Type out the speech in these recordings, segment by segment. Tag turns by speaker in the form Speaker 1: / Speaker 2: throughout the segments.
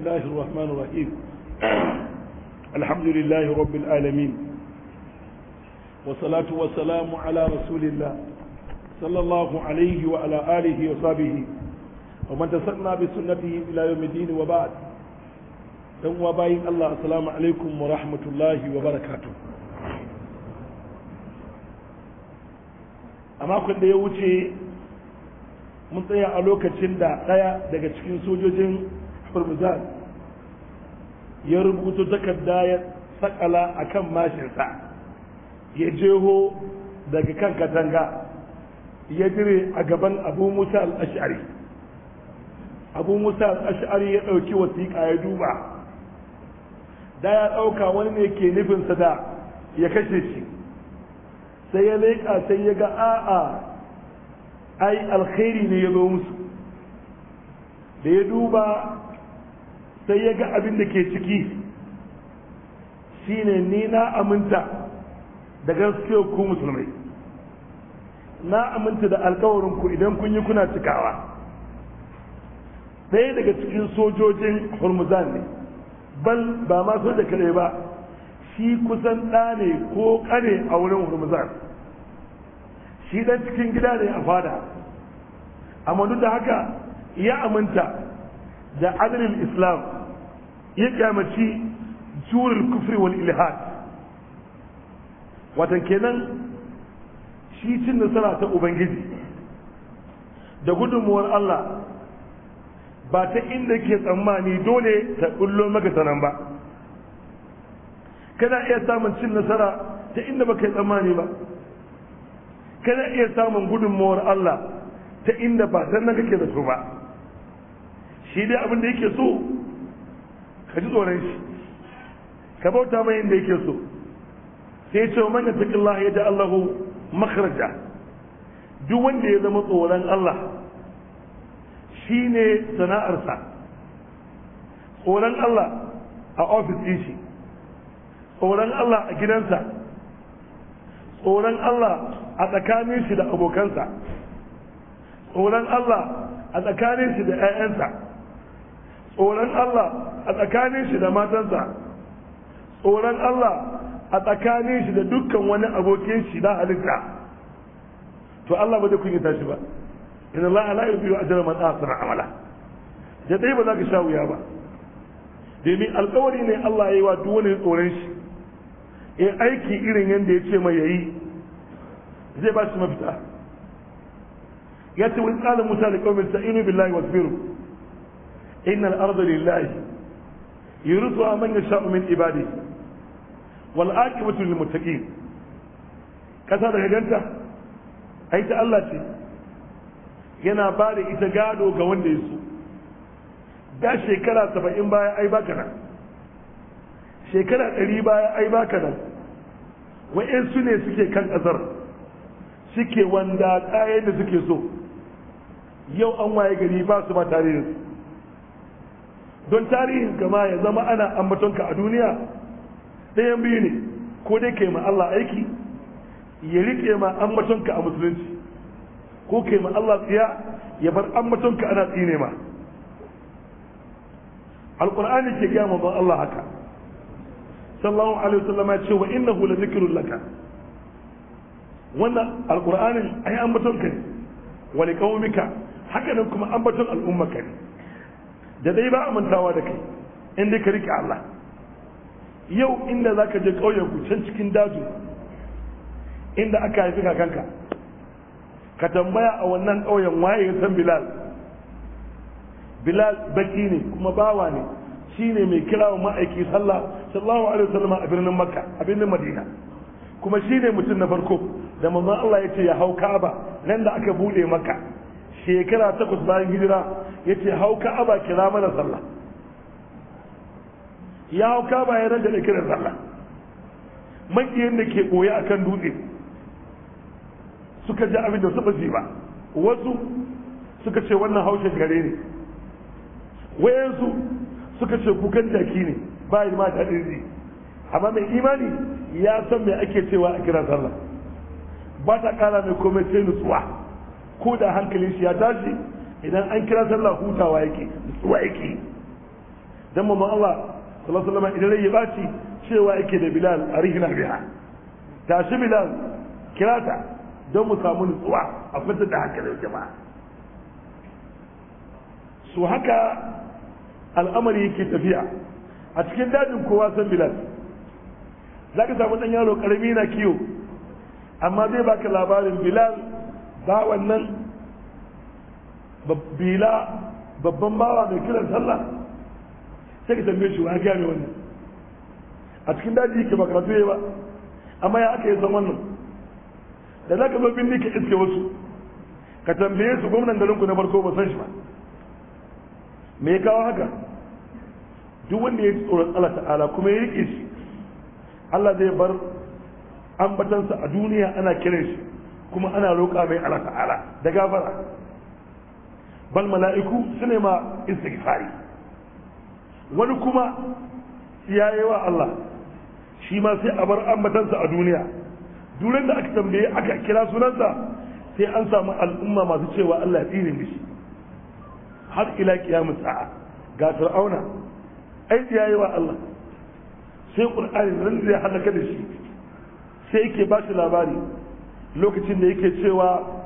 Speaker 1: الله الرحمن الرحيم الحمد لله رب العالمين والصلاة والسلام على رسول الله صلى الله عليه وعلى آله وصحبه ومن تسقنا بسنته إلى يوم الدين وبعد دم وباين الله السلام عليكم ورحمة الله وبركاته أما كنت يوتي mun tsaya a lokacin da ɗaya daga cikin sojojin hurmuzan ya rubuto takarda ya sakala a kan mashinsa ya jeho daga kan katanga ya jire a gaban abu musa al'ashari abu musa al'ashari ya ɗauki wasiƙa ya duba da ya ɗauka wani ne ke nufinsa da ya kashe shi sai ya leƙa sai ya ga a'a ai alkhairi ne ya zo musu da ya duba sai ya ga abin da ke ciki shine ni na aminta da gaskiyar ku musulmai na aminta da alkawarin ku idan kun yi kuna cikawa ɗaya daga cikin sojojin hormuzan ne bal ba ma da kare ba shi kusan ɗa ne ko ƙare a wurin hormuzan shi ɗan cikin gida ne a fada amma duk da haka ya aminta da adalin islam ya kyamaci jurin kufri wal ilhad watan kenan shi cin nasara ta ubangiji da gudunmuwar allah ba ta inda ke tsammani dole ta kullo maka sanan ba kana iya samun cin nasara ta inda ba yi tsammani ba kana iya samun gudunmuwar allah ta inda ba sannan kake su ba shi dai abin da yake so ka ji tsoron shi ka bauta mai yadda yake so sai ce man ya taƙi Allah ya ji Allahu makarja duk wanda ya zama tsoron Allah shi ne sana'arsa tsoron Allah a ofis ɗin shi tsoron Allah a gidansa tsoron Allah a tsakanin shi da abokansa tsoron Allah a tsakanin shi da 'ya'yansa tsoron Allah a tsakanin shi da matarsa tsoron Allah a tsakanin shi da dukkan wani abokin shi da halitta to Allah ba zai kunyata shi ba in Allah a yubiyu ajra man asra amala da dai ba za ka sha wuya ba domin alkawari ne Allah ya yi wa duk wani tsoron shi in aiki irin yadda ya ce mai yayi zai ba shi mafita ya ce wani tsarin mutane kawai sa'inu billahi wasbiru innal arda lillahi yurzuha man yasha'u min ibadihi wal aqibatu lil muttaqin kasa daga ganta ai ta Allah ce yana ba da ita gado ga wanda ya so da shekara saba'in baya ai baka nan shekara ɗari baya ai baka nan wa'yansu ne suke kan ƙasar suke wanda ƙayen da suke so yau an waye gari ba su ba tare da su don tarihin kama ya zama ana ambatonka a duniya ɗayan biyu ne ko dai kai ma Allah aiki ya riƙe ma ambatonka a musulunci ko kai ma Allah tsiya ya bar ambatonka ana tsine ma Alƙur'ani ke gaya manzon Allah haka sallallahu alaihi wasallam ya ce wa inna hula zikirun laka wannan alqur'anin ai ambatonka ne wa mika? haka nan kuma ambaton al'ummaka ne da dai ba amintawa da kai in dai ka rike Allah yau inda za ka je ƙauyen ku can cikin daji inda aka haifi kakanka ka tambaya a wannan kauyen waye ya san bilal bilal baki ne kuma bawa ne shine mai kira wa ma'aiki salla sallahu alaihi wasallam a birnin makka a birnin madina kuma shine mutum na farko da manzon Allah ya ce ya hau Ka'aba nan da aka bude Makka shekara takwas bayan hijira yace hau ka'aba kira mana sallah ya hau ka'aba ya rage da kiran sallah makiyin da ke koya akan dutse suka ji abin da su ba ba wasu suka ce wannan haushin gare ne wayansu suka ce kukan jaki ne ba yi ma daɗin ji amma mai imani ya san mai ake cewa a kira sallah ba ta ƙara mai komai sai nutsuwa ko da hankalin shi ya tashi idan an kira sallah hutawa yake wa yake dan mamman Allah sallallahu alaihi wasallam idan rai ya baci cewa yake da Bilal arihna biha tashi Bilal kira ta don mu samu nutsuwa a fitar da da jama'a su haka al'amari yake tafiya a cikin dajin kowa san Bilal za ka samu ɗan yaro karami na kiyo amma zai baka labarin Bilal ba wannan bila babban bawa mai kiran sallah sai ka tambaye shi wa ya mai wannan a cikin daji yake ba karatu yayi ba amma ya aka yi san wannan da za ka zo binni ka iske wasu ka tambaye su gwamnan ku na barko ba san shi ba me ya kawo haka duk wanda ya ji tsoron Allah ta'ala kuma ya riƙe shi Allah zai bar ambatansa a duniya ana kiran shi kuma ana roƙa mai Allah ta'ala da gafara bal mala'iku su ma istighfari wani kuma ya wa Allah shi ma sai a bar ambatansa a duniya duran da aka tambaye aka kira sunansa sai an samu al'umma masu cewa Allah da shi har ila kiyamu sa'a ga fir'auna ai ya yi wa Allah sai qur'ani ran zai halaka da shi sai yake ba shi labari lokacin da yake cewa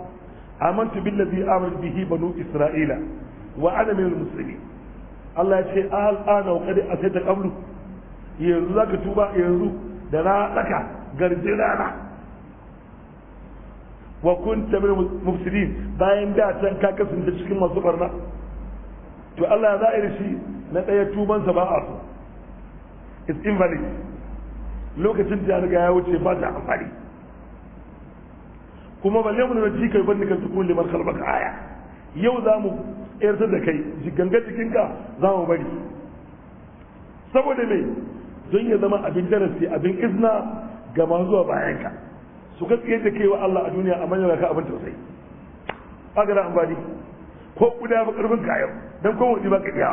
Speaker 1: amantu billazi amantu bihi banu isra'ila wa ana min muslimin Allah ya ce ana wa qad asayta qablu yanzu zaka tuba yanzu da na daka garje rana wa kunta min mufsidin bayan da can ka kasance cikin masu barna to Allah ya za'a shi na daya tuban sa ba a so it's invalid lokacin da ya riga ya wuce ba ta amfani kuma bane mu da jika ban kan tukun liman khalbaka aya yau za mu yarda da kai ganga jikinka za mu bari saboda me don ya zama abin darasi abin izna ga masu zuwa bayanka su gaskiyar da kai wa Allah a duniya a manyan ka abin tausayi agara amfani ko kuda ba karfin kayan dan ko wani ba ka iya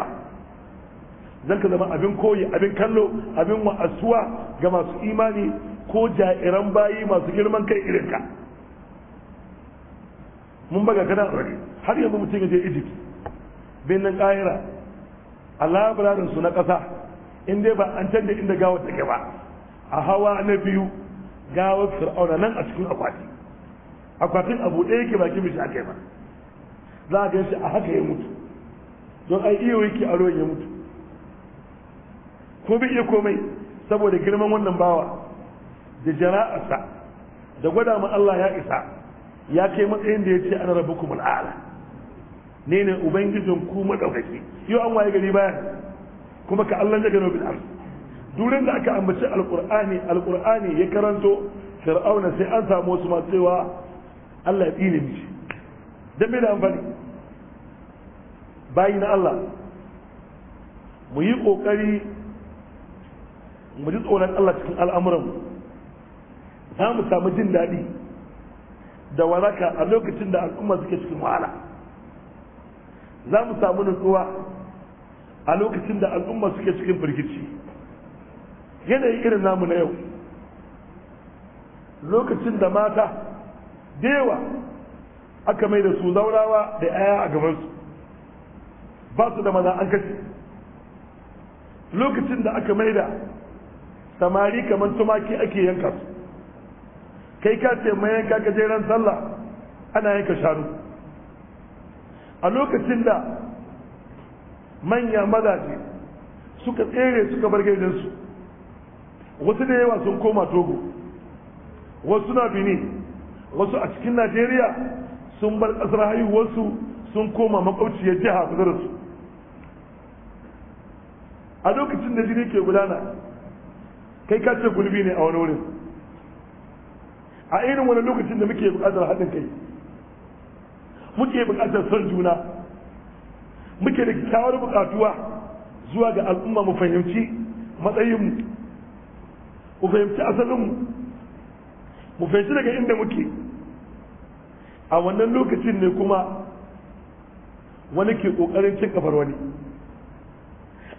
Speaker 1: zan ka zama abin koyi abin kallo abin wa'asuwa ga masu imani ko jairan bayi masu girman kai irinka mun baga kada rage har yanzu mutum ya je egypt nan ƙahira a labararin su na ƙasa in dai ba an canza inda gawa take ba a hawa na biyu gawar fir'auna nan a cikin akwati akwatin abu ɗaya yake baki mishi aka yi ba za a gan shi a haka ya mutu don ai iya yake a ruwan ya mutu ko bai iya komai saboda girman wannan bawa da jara'arsa da gwada ma Allah ya isa ya kai matsayin da ya ce ana rabu kuma al'ala ne ne ubangijin ku maɗaukaki yau an waye gari bayan kuma ka allon daga nobin arz durin da aka ambaci alƙur'ani alƙur'ani ya karanto fir'auna sai an samu wasu masu cewa allah ya tsine mishi don bai da amfani bayi na allah mu yi ƙoƙari mu ji tsoron allah cikin al'amuranmu za mu samu jin daɗi da waraka a lokacin da al'umma suke cikin wahala za mu samu nutsuwa a lokacin da al'umma suke cikin firgici yanayi irin namu na yau lokacin da mata da yawa aka mai da su zaurawa da 'ya'ya a gabansu ba su da maza an kashe lokacin da aka mai da samari kamar tumaki ake yanka su kai ka ce mai yanka ka je ran sallah ana yanka shanu a lokacin da manya mazaje suka tsere suka bar su wasu da yawa sun koma togo wasu na bini wasu a cikin najeriya sun bar ƙasar haihuwarsu sun koma makwabciyar jiha su da su a lokacin da jini ke gudana kai kace gulbi ne a wani wurin a irin wani lokacin da muke bukatar haɗin kai muke bukatar son juna muke da kyawar buƙatuwa zuwa ga al'umma mu fahimci matsayinmu mu fahimci asalinmu mu fahimci daga inda muke a wannan lokacin ne kuma wani ke ƙoƙarin cin kafar wani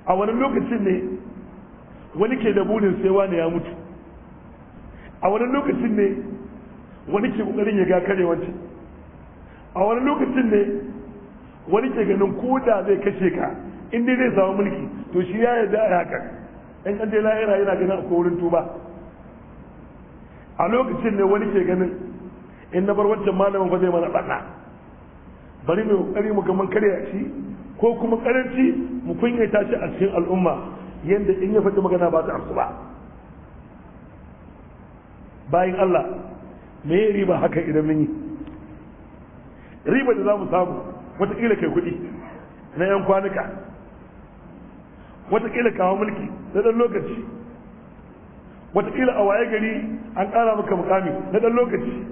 Speaker 1: a wani lokacin ne wani ke da burin sai wani ya mutu a wani lokacin ne wani ke kokarin ya ga kare a wani lokacin ne wani ke ganin ko da zai kashe ka in dai zai samu mulki to shi ya yarda a haka in an dai yana ganin a wurin tuba a lokacin ne wani ke ganin in na bar wancan malamin ba zai mana ɓanna bari mai kokari mu gaman mun shi ko kuma karanci mu kunyata shi a cikin al'umma yadda in ya faɗi magana ba ta amsu ba bayan Allah me riba haka idan mun yi riba da za mu samu wataƙila kai kuɗi na 'yan kwanuka wataƙila kawo mulki na ɗan lokaci wataƙila a waye gari an kara maka mukami na ɗan lokaci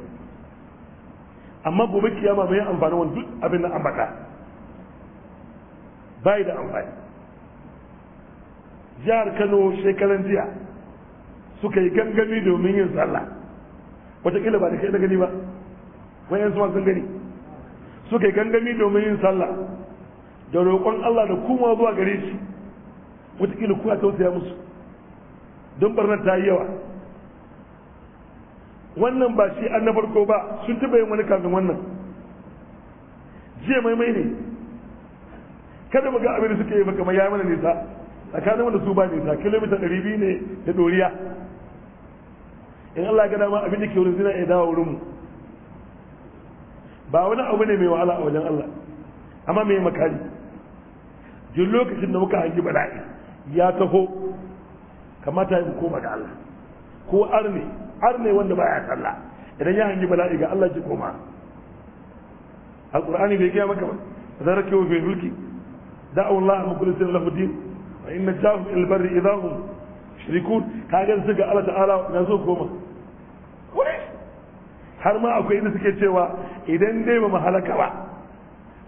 Speaker 1: amma gobe kiyama bai amfani wani duk abin na ambata bai da amfani jihar kano shekaran jiya suka yi gangami domin yin sallah wataƙila ba da kai na gani ba wayan suwa sun gani suka yi gangami domin yin sallah da roƙon Allah da kuma zuwa gare shi wataƙila kuwa tausaya musu don barnar ta yi yawa wannan ba shi an na farko ba sun taɓa yin wani kafin wannan jiya maimai ne kada mu ga abin da suka yi ba kamar ya mana nisa tsakanin wanda su ba nisa kilomita ɗari biyu ne da ɗoriya in Allah ga dama abin da ke wurin zina ya dawo wurin mu ba wani abu ne mai wahala a wajen Allah amma mai makari duk lokacin da muka hangi bala'i ya taho kamata ya koma ga Allah ko arne arne wanda baya sallah idan ya hangi bala'i ga Allah ki koma alqur'ani bai gaya maka ba zarake wa fi mulki da'u Allah mukhlisin lahu din wa inna jahu al barri idahum shirikun kaga su ga Allah ta'ala na so goma wai har ma akwai inda suke cewa idan dai ba mahalaka ba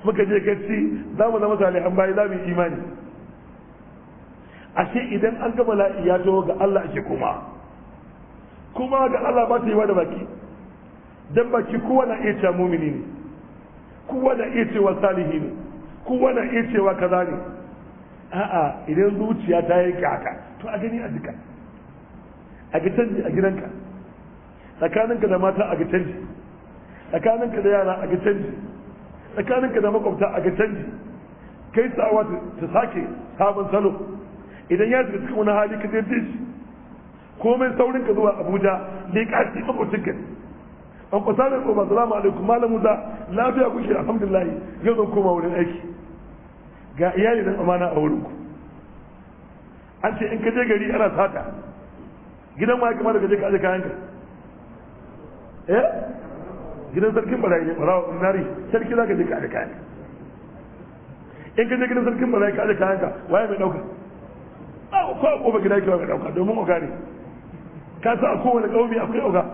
Speaker 1: muka je gaci za mu zama salihan bayi za mu yi imani ashe idan an gama bala'i ya ga Allah ake kuma kuma ga Allah ba ta yi da baki dan baki kowa na iya cewa mumini ne kowa na iya cewa salihi ne kowa na iya cewa kaza ne a'a idan zuciya ta yi kaka to a gani a jika a ga a gidanka tsakaninka da mata a ga tsakaninka da yara a ga tsakaninka da makwabta a ga kai sawa ta sake sabon salo idan ya shiga cikin wani hali ka zai shi komai saurin ka zuwa abuja ne ka ci makwacinka an kwasa da koma salamu alaikum malam musa lafiya kuke alhamdulillah yau zan koma wurin aiki ga iyali dan amana a wurin ku. an ce in ka je gari ana sata gidan ma ya kamata ka je ka aje kayanka eh gidan sarkin barayi ne barawa nari sarki za ka je ka aje kayanka in ka je gidan sarkin barayi ka aje kayanka waye mai dauka ko a kofa gida ki mai dauka domin oga ne ka sa a kowane kauye akwai oga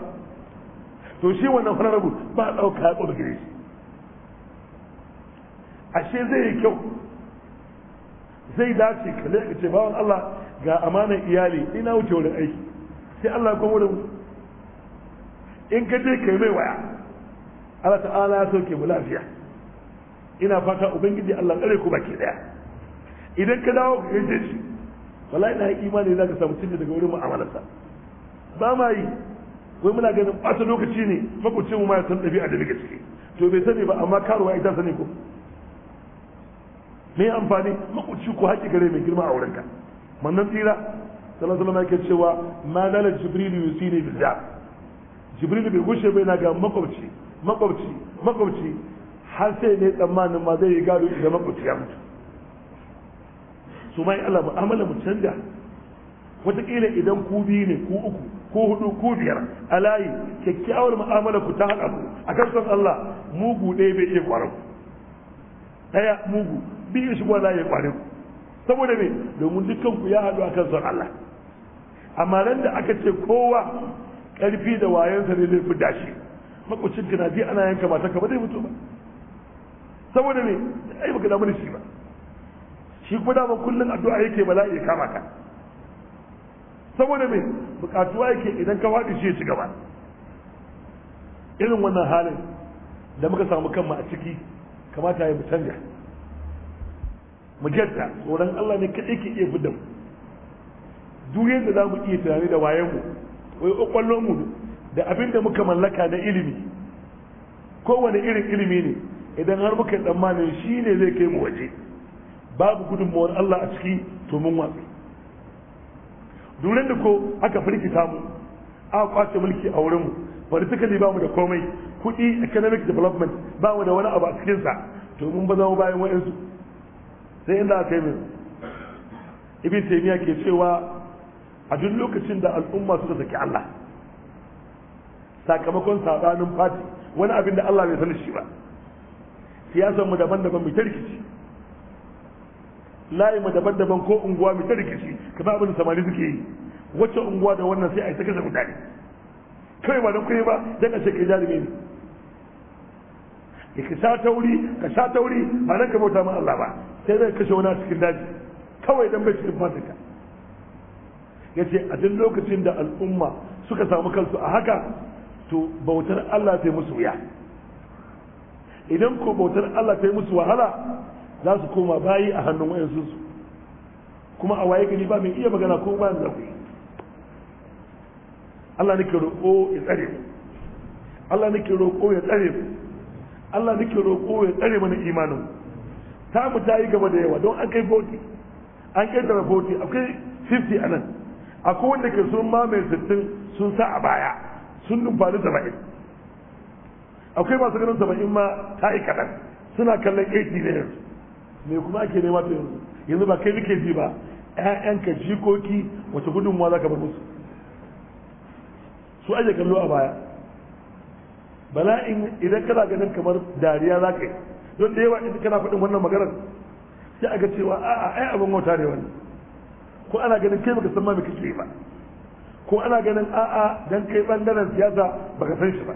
Speaker 1: to shi wannan honorable ba dauka ya kofa gida shi ashe zai yi kyau zai dace ka ce bawan Allah ga amanar iyali ina wuce wurin aiki sai Allah ya wurin in ka je kai mai waya Allah ta'ala ya sauke mu lafiya ina fata ubangiji Allah kare ku baki daya idan ka dawo ka je shi wallahi na imani zaka samu cinje daga wurin mu'amalarsa ba ma yi wai muna ganin ɓata lokaci ne makwacin mu ma ya san ɗabi'a da muke ciki to bai sani ba amma karuwa ita sani ko me amfani makwacin ko haƙi gare mai girma a wurinka mannan tsira sallallahu alaihi wasallam yake cewa ma dala jibril yusini bil da jibril bai gushe bai na ga makwabci makwabci makwabci har sai ne tsammanin ma zai yi gado da makwabci ya mutu su in Allah mu'amala mu canja watakila idan ku biyu ne ku uku ko hudu ko biyar a layi kyakkyawar mu'amala ku ta haɗa ku a kan son Allah mugu ɗaya bai iya kwarar ku ɗaya mugu biyu shigo layi ya kwarar ku saboda me domin dukkanku ya haɗu kan son Allah amma nan da aka ce kowa ƙarfi da wayansa ne zai fi dashi makwacin ka na ji ana yanka mata ka ba zai mutu ba saboda me ai baka damu da shi ba shi kuma dama kullum addu'a yake bala'i ya kama ka saboda me bukatuwa yake idan ka faɗi shi ya ci gaba irin wannan halin da muka samu kanmu a ciki kamata ya mu canja mu gyarta tsoron Allah ne kaɗai ke iya fidda mu duk yadda za mu iya tunani da wayan mu wai ƙwaƙwallon mu da abin da muka mallaka na ilimi kowane irin ilimi ne idan har muka tsammanin shi ne zai kai mu waje babu gudunmawar Allah a ciki to mun watsi duran da ko aka firgita mu a kwace mulki a wurin mu politically ba mu da komai kuɗi economic development ba mu da wani abu a cikinsa to mun ba za mu bayan waɗansu. sai inda aka yi min ibi taimiya ke cewa a duk lokacin da al'umma suka saki Allah sakamakon sabanin fati wani abin da Allah bai sani shi ba siyasar mu daban-daban mu ta rikici layi mu daban-daban ko unguwa mu ta rikici kamar abin da samari suke yi wacce unguwa da wannan sai a yi ta kasa mutane kai ba da kuyi ba dan a shekara jarumi ne ka sha tauri ka sha tauri ba nan ka bauta ma Allah ba sai zai kashe wani a cikin daji kawai don bai cikin fatinka ya ce a duk lokacin da al'umma suka samu kansu a haka to bautar Allah ta yi musu wuya idan ko bautar Allah ta yi musu wahala za su koma bayi a hannun wayansu su kuma a waye gani ba mai iya magana ko ba da ku Allah nake roƙo ya tsare mu Allah nake roƙo ya tsare mu Allah nake roƙo ya tsare mana imanin mu ta mu ta yi gaba da yawa don an kai 40 an kai da 40 akwai 50 anan akwai wanda ke sun ma mai 60 sun sa a baya sun numfani 70 akwai masu ganin 70 ma ta yi kaɗan suna kallon 80 ne yanzu me kuma ake nema ta yanzu yanzu ba kai nike ji ba ƴaƴanka jikoki wace gudunmuwa za ka bar musu su aje kallo a baya bala'in idan kana ganin kamar dariya za ka yi don da yawa in kana faɗin wannan maganar sai aga cewa a'a ai abin wauta ne wani ko ana ganin kai baka san ma me kake ba ko ana ganin a'a dan kai bangaren siyasa baka san shi ba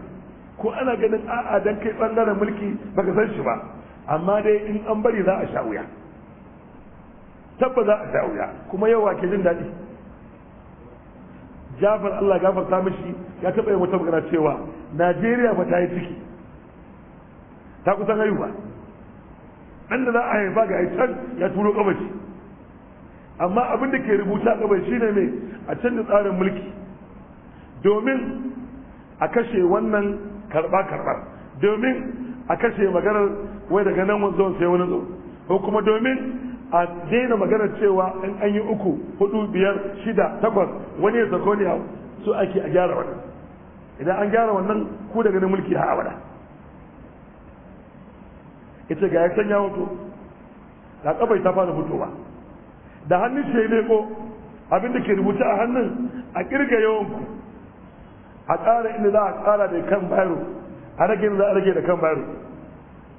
Speaker 1: ko ana ganin a'a dan kai bangaren mulki baka san shi ba amma dai in an bari za a sha wuya tabba za a sha wuya kuma yawa ke jin daɗi jafar Allah gafarta mishi ya taɓa yin wata magana cewa Najeriya ba ta yi ciki ta kusan haihuwa dan da za a haifa ga can ya turo kabashi amma abin da ke rubuta kabashi shine mai a canza tsarin mulki domin a kashe wannan karba karba domin a kashe maganar wai daga nan wanzo sai wani zo ko kuma domin a daina maganar cewa in an yi uku hudu biyar shida takwas wani ya sako su ake a gyara wannan idan an gyara wannan ku daga nan mulki ha abada ya ce ga ya sanya mutu da kafai ta fara fitowa da hannun shi ya abin abinda ke rubuta a hannun a kirga yawan ku a tsara inda za a tsara da kan bayro a rage inda za a rage da kan bayro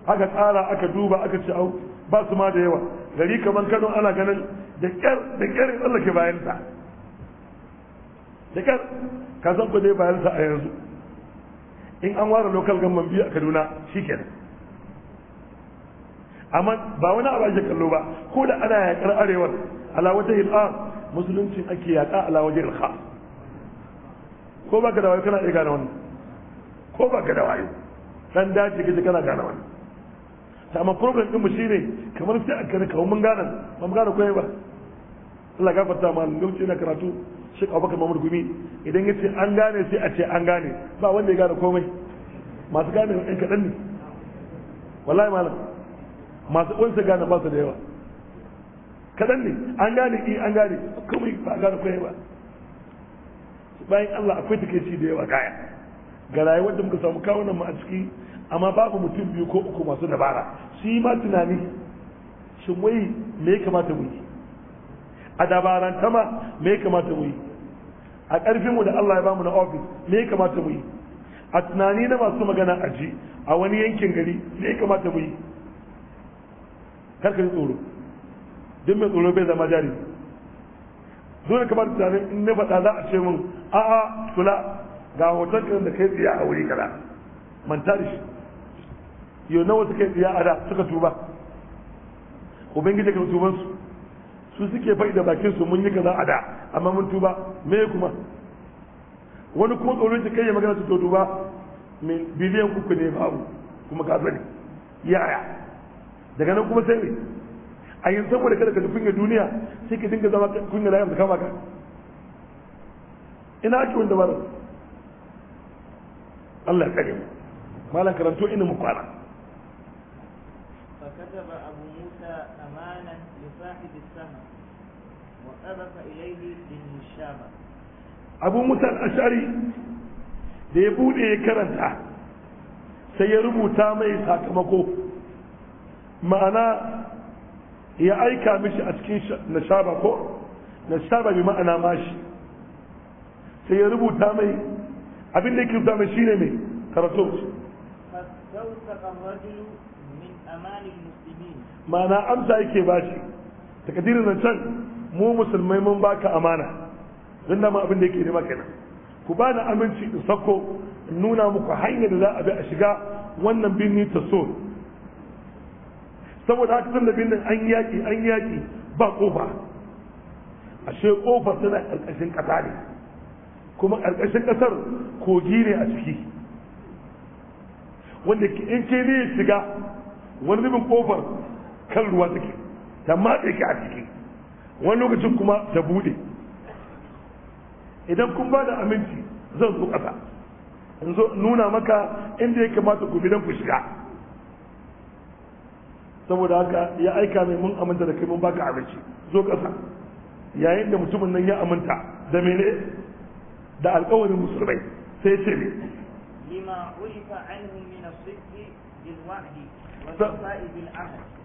Speaker 1: aka tsara aka duba aka ci au ba su ma da yawa gari kamar kano ana ganin da kyar da kyar ya tsallake bayansa da kyar ka san ba dai bayansa a yanzu in an ware lokal gamman biyu a kaduna shi kenan amma ba wani abu ake kallo ba ko da ana yaƙar arewar ala wata hil'ar musuluncin ake yaƙa ala waje ilha ko ba ka da wayo kana iya gane wani ko ba ka da wayo dan dace kaje kana gane wani ta amma problem din mu shine kamar sai a kana kawo mun gane ba mu gane koyi ba Allah gafarta ma lokacin na karatu ka Abubakar mamur Gumi idan yace an gane sai a ce an gane ba wanda ya gane komai masu gane ɗan kaɗan ne wallahi malam masu ƙunsa gane ba su da yawa kaɗan ne an gane ki eh, an gane kuma ba a gane kwaye ba bayan Allah akwai takaici da yawa kaya ga rayuwar da muka samu kawunan mu a ciki amma babu mutum biyu ko uku masu dabara su yi ma tunani shin wai me ya kamata mu yi a dabaran tama me ya kamata mu yi a karfinmu da Allah ya bamu na ofis me ya kamata mu yi a tunani na masu magana a ji a wani yankin gari me ya kamata mu yi karka ji tsoro duk mai tsoro bai zama jari zo ka kamar tunanin in ne faɗa za a ce min a'a tula ga hoton kan da kai tsiya a wuri kaza manta da shi yau nawa suka yi tsiya a da suka tuba ubangiji kan tubansu su suke faɗi da bakin su mun yi kaza a da amma mun tuba me kuma wani kuma tsoron ta kai ya magana su to tuba biliyan kuku ne babu kuma ka yaya daga nan kuma sai ne a yin saboda kada ka ji ga duniya sai ka dinga zama kunya da da kama ka ina ake wanda ba Allah ya kare mu malam karanto ina mu kwana
Speaker 2: فكتب أبو موسى أمانا لصاحب السهم وقذف إليه بالنشابة
Speaker 1: abu musa ashari da ya bude ya karanta sai ya rubuta mai sakamako ma'ana ya aika mishi a cikin nashaba ko nashaba bi ma'ana mashi sai ya rubuta mai abin da yake rubuta mai shine mai karatu
Speaker 2: ma'ana amsa yake bashi
Speaker 1: takadirin nan can mu musulmai mun baka amana don dama abin da yake nema kenan ku bani aminci in sako in nuna muku hanyar da za a bi a shiga wannan birni ta so saboda haka zallabin nan an yaki an yaki ba kofa ashe ƙofar tana karkashin ƙasa ne kuma karkashin ƙasar kogi ne a ciki wanda in ke ne shiga wani nufin kofar kan ruwa take ta matse ki a ciki wani lokacin kuma ta bude idan kun ba da aminci zan zo ƙasa in zo nuna maka inda ya kamata ku bi don ku shiga saboda haka ya aika mai mun aminta da kai mun baka abinci zo ƙasa yayin da mutumin nan ya aminta da mene da alƙawarin musulmai sai ce ne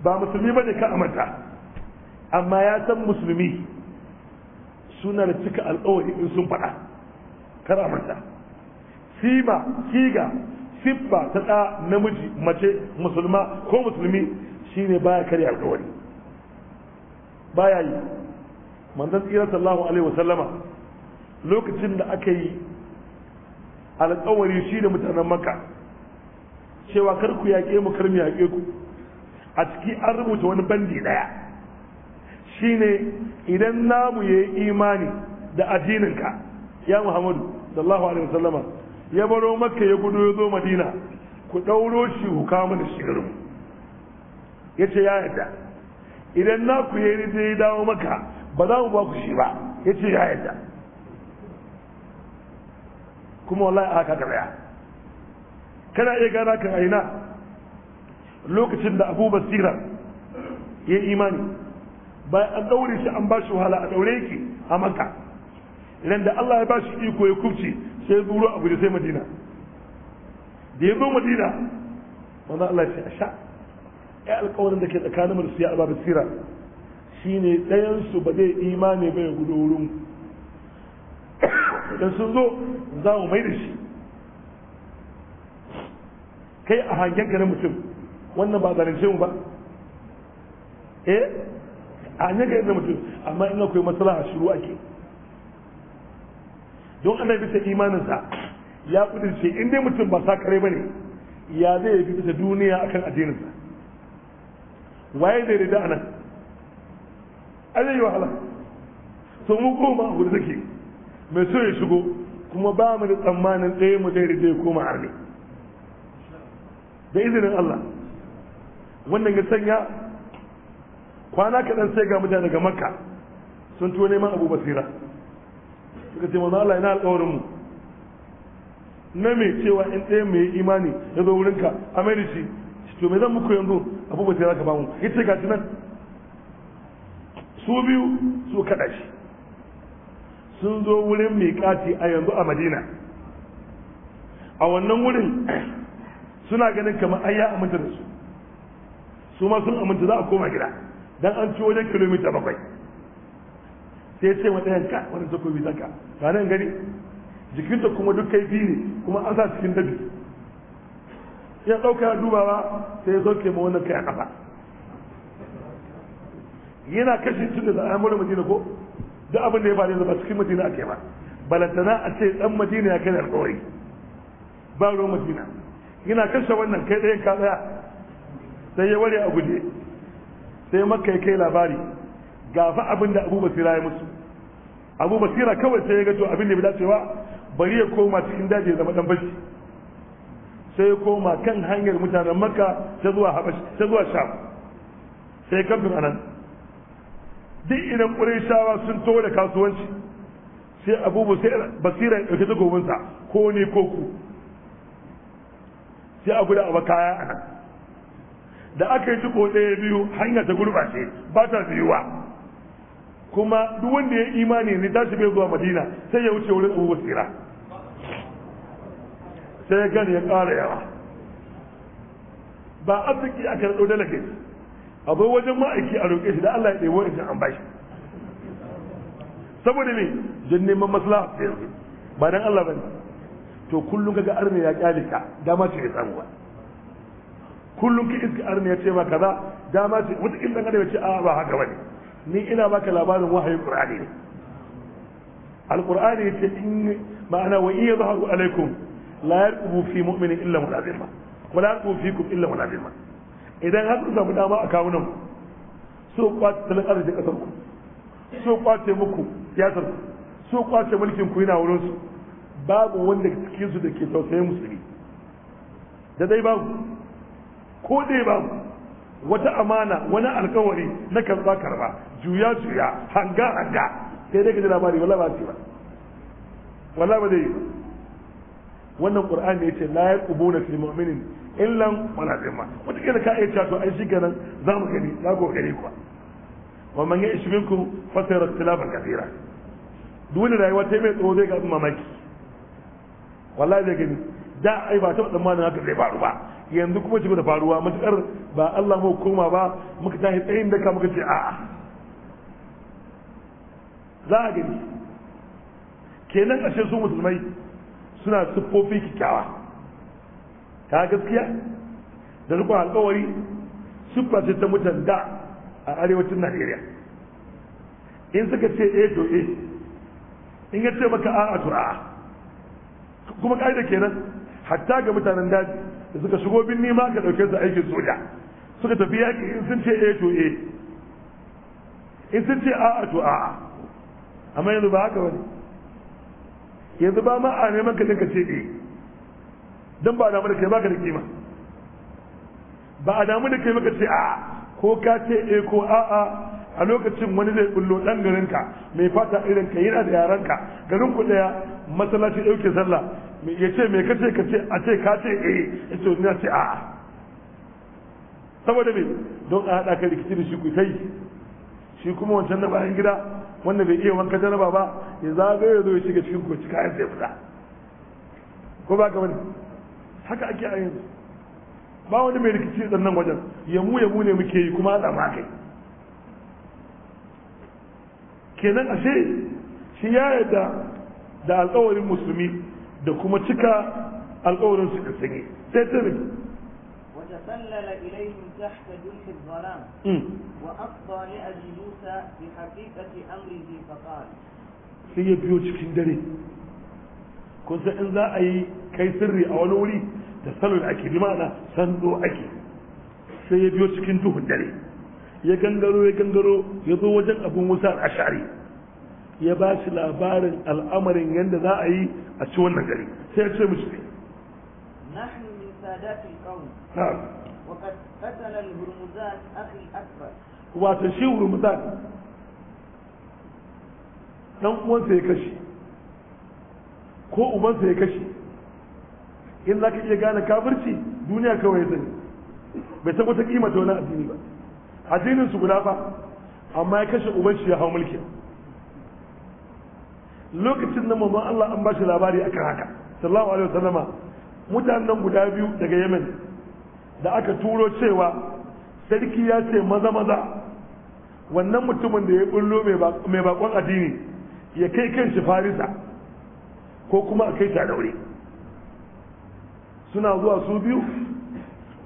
Speaker 2: ba musulmi ba ne ka aminta
Speaker 1: amma ya san musulmi suna da cika alƙawari in sun faɗa kar aminta sima siga siffa ta ɗa namiji mace musulma ko musulmi Shi ne baya karya alkawari baya yi manzon tsira sallahu alaihi wasallama lokacin da aka yi alkawari shi da mutanen maka cewa kar ku yaƙe mu kar mu yaƙe ku a ciki an rubuta wani bandi daya ne idan namu yayi imani da addininka ya muhammadu sallahu alaihi wasallama ya baro maka ya gudu ya zo madina ku ɗauro shi ku kawo ya ce ya yadda idan na ku yi sai ya dawo maka ba za mu ba ku shi ba ya ce ya yadda kuma wallahi aka karaya kana iya gana kan aina lokacin da abu basira ya imani bayan an daure shi an ba shi wahala a daure yake a maka idan da Allah ya ba shi iko ya kubce sai zuru abu da sai madina da ya zo madina wanda Allah ya ce a sha ya alkawarin da ke tsakanin mu a babu ya shi ne shine ba zai imani ba ya gudu wurin idan sun zo za mu mai da shi kai a hangen gare na mutum wannan ba zalunce mu ba eh a hangen gare na mutum amma in akwai matsala a shiru ake don ana bisa imaninsa ya kudurce in dai mutum ba sa kare ba ne ya zai yi bisa duniya akan addininsa waye zai rida anan ai zai yi wahala to mu koma a gudu take mai so ya shigo kuma ba mu da tsammanin ɗaya mu zai rida ya koma arni da izinin Allah wannan ya sanya kwana kaɗan sai ga mutane daga makka sun tuwo neman abu basira suka ce manzo Allah yana alƙawarin mu na mai cewa in ɗaya mai imani ya zo wurinka a mai da shi to me zan muku yanzu abubuwa sai zaka bamu ya ce gashi nan su biyu su kaɗa shi sun zo wurin kati a yanzu a madina a wannan wurin suna ganin kamar an ya aminta da su su ma sun aminta za a koma gida dan an ci wajen kilomita bakwai sai ce wa ɗayan ka wani takobi zaka ranar gani jikinta kuma duk kaifi ne kuma an sa cikin dabi ya ɗauka dubawa sai ya sauke ma wannan kai a ƙasa yana kashe tun da an mura madina ko duk abin da ya faru zaba cikin madina a ba balantana a ce dan madina ya kai da alƙawari ba ruwan madina yana kashe wannan kai ɗayan ka tsaya sai ya ware a guje sai makka ya kai labari gafa abin da abu basira ya musu abu basira kawai sai ya gato abin da bai dacewa bari ya koma cikin daji ya zama dan barci sai koma kan hanyar mutanen makka ta zuwa habash ta zuwa sham sai kafin anan duk idan ƙurayshawa sun to da kasuwanci sai abubu sai basira ya ɗauki takobinsa ko ne ko ku sai a guda a kaya anan. da aka yi tuko ɗaya biyu hanya ta gurbace ba ta biyuwa kuma duk wanda ya imani ne shi bai zuwa madina sai ya wuce wurin abubu basira sai gan ya ƙara yawa ba arziki aka rado dalake abu wajen ma'aiki a roƙe shi da Allah ya ɗebo isin an bashi saboda ne don neman masla ba dan Allah ba to kullum kaga arne ya kyale ka dama ce ya samu ba kullum ki iska arne ya ce ma kaza dama ce wata kin dan ya ce a ba haka bane ni ina baka labarin wahayin qur'ani ne alqur'ani yace in ma'ana wa iya alaikum la yarqubu fi mu'minin illa munazima wa la yarqubu fikum illa munazima idan har kun samu dama a kawunan so kwace talan arzikin kasar ku so kwace muku siyasar ku so kwace mulkin ku yana wurin su babu wanda cikin su da ke tausayin musulmi da dai babu ko dai babu wata amana wani alkawari na karba karba juya juya hanga hanga sai dai ka ji labari wala ba ce ba wala ba dai wannan qur'ani yace la yaqbuna fil mu'minin illa wala dhimma wata da ka aita to ai shikenan za mu gani za ku gani kuwa wa man ya'ish minkum fa sayara ikhtilafan kathira duk wani rayuwa ta mai tsoro zai ga mamaki wallahi zai gani da ai ba ta da tsammanin haka zai faru ba yanzu kuma ci da faruwa matuƙar ba Allah mu koma ba muka tashi tsayin daka muka ce a'a za a gani kenan ashe su musulmai suna siffofi kyakkyawa ta gaskiya da rikon alkawari siffa ce ta mutan da a arewacin najeriya in suka ce a eh to a eh. in ya ce maka a to tura kuma da kenan hatta ga mutanen daji da suka shigo bin nima ka ɗauke su aikin soja suka tafi yaƙi in sun ce a eh to a in sun ce a to a amma yanzu ba haka wani yanzu ba ma a neman ka ka ce eh Don ba damu da kai ba ka da kima ba a damu da kai ba ce a ko ka ce eh ko a a a lokacin wani zai bullo dan garin ka mai fata irin ka yana da yaran ka garin ku daya masallaci dauke sallah ya ce me kace ka ce a ce ka ce eh ya ce ni ce a saboda me don a haɗa ka rikici da shi ku kai shi kuma wancan na bayan gida wanda bai iya wanka jaraba ba ya zagaye ya zo ya shiga cikin koci kayan sai fita ko ba ka wani haka ake a yanzu ba wani mai rikici a nan wajen yamu yamu ne muke yi kuma haɗa kai kenan ashe shi ya yadda da alkawarin musulmi da kuma cika su suka sanye sai ta mai
Speaker 2: وتسلل إليهم تحت dukkan الظلام وأفضى لأبي موسى بحقيقة أمره فقال
Speaker 1: sai ya biyo cikin dare kun san in za a yi kai sirri a wani wuri da salon ake bi ma'ana sando ake sai ya biyo cikin duhun dare ya gangaro ya gangaro ya zo wajen abin musa al'ashari ya ba shi labarin al'amarin yadda za a yi a ci wannan dare. sai ya ce mu ne
Speaker 2: Na min sadatil qawm wa qad hurmuzan akhi akbar
Speaker 1: wato shi urumzan dan uwansa ya kashe ko ubansa ya kashe in za ka iya gane kafirci duniya kawai ya sani bai san wata kima ta wani addini ba addinin su guda fa amma ya kashe uban shi ya hau mulki lokacin na mamman Allah an ba shi labari akan haka sallallahu alaihi wasallama mutanen guda biyu daga Yemen da aka turo cewa sarki ya ce maza maza wannan mutumin da ya bullo mai bakon addini ya kai kan shi farisa ko kuma a kai ta suna zuwa su biyu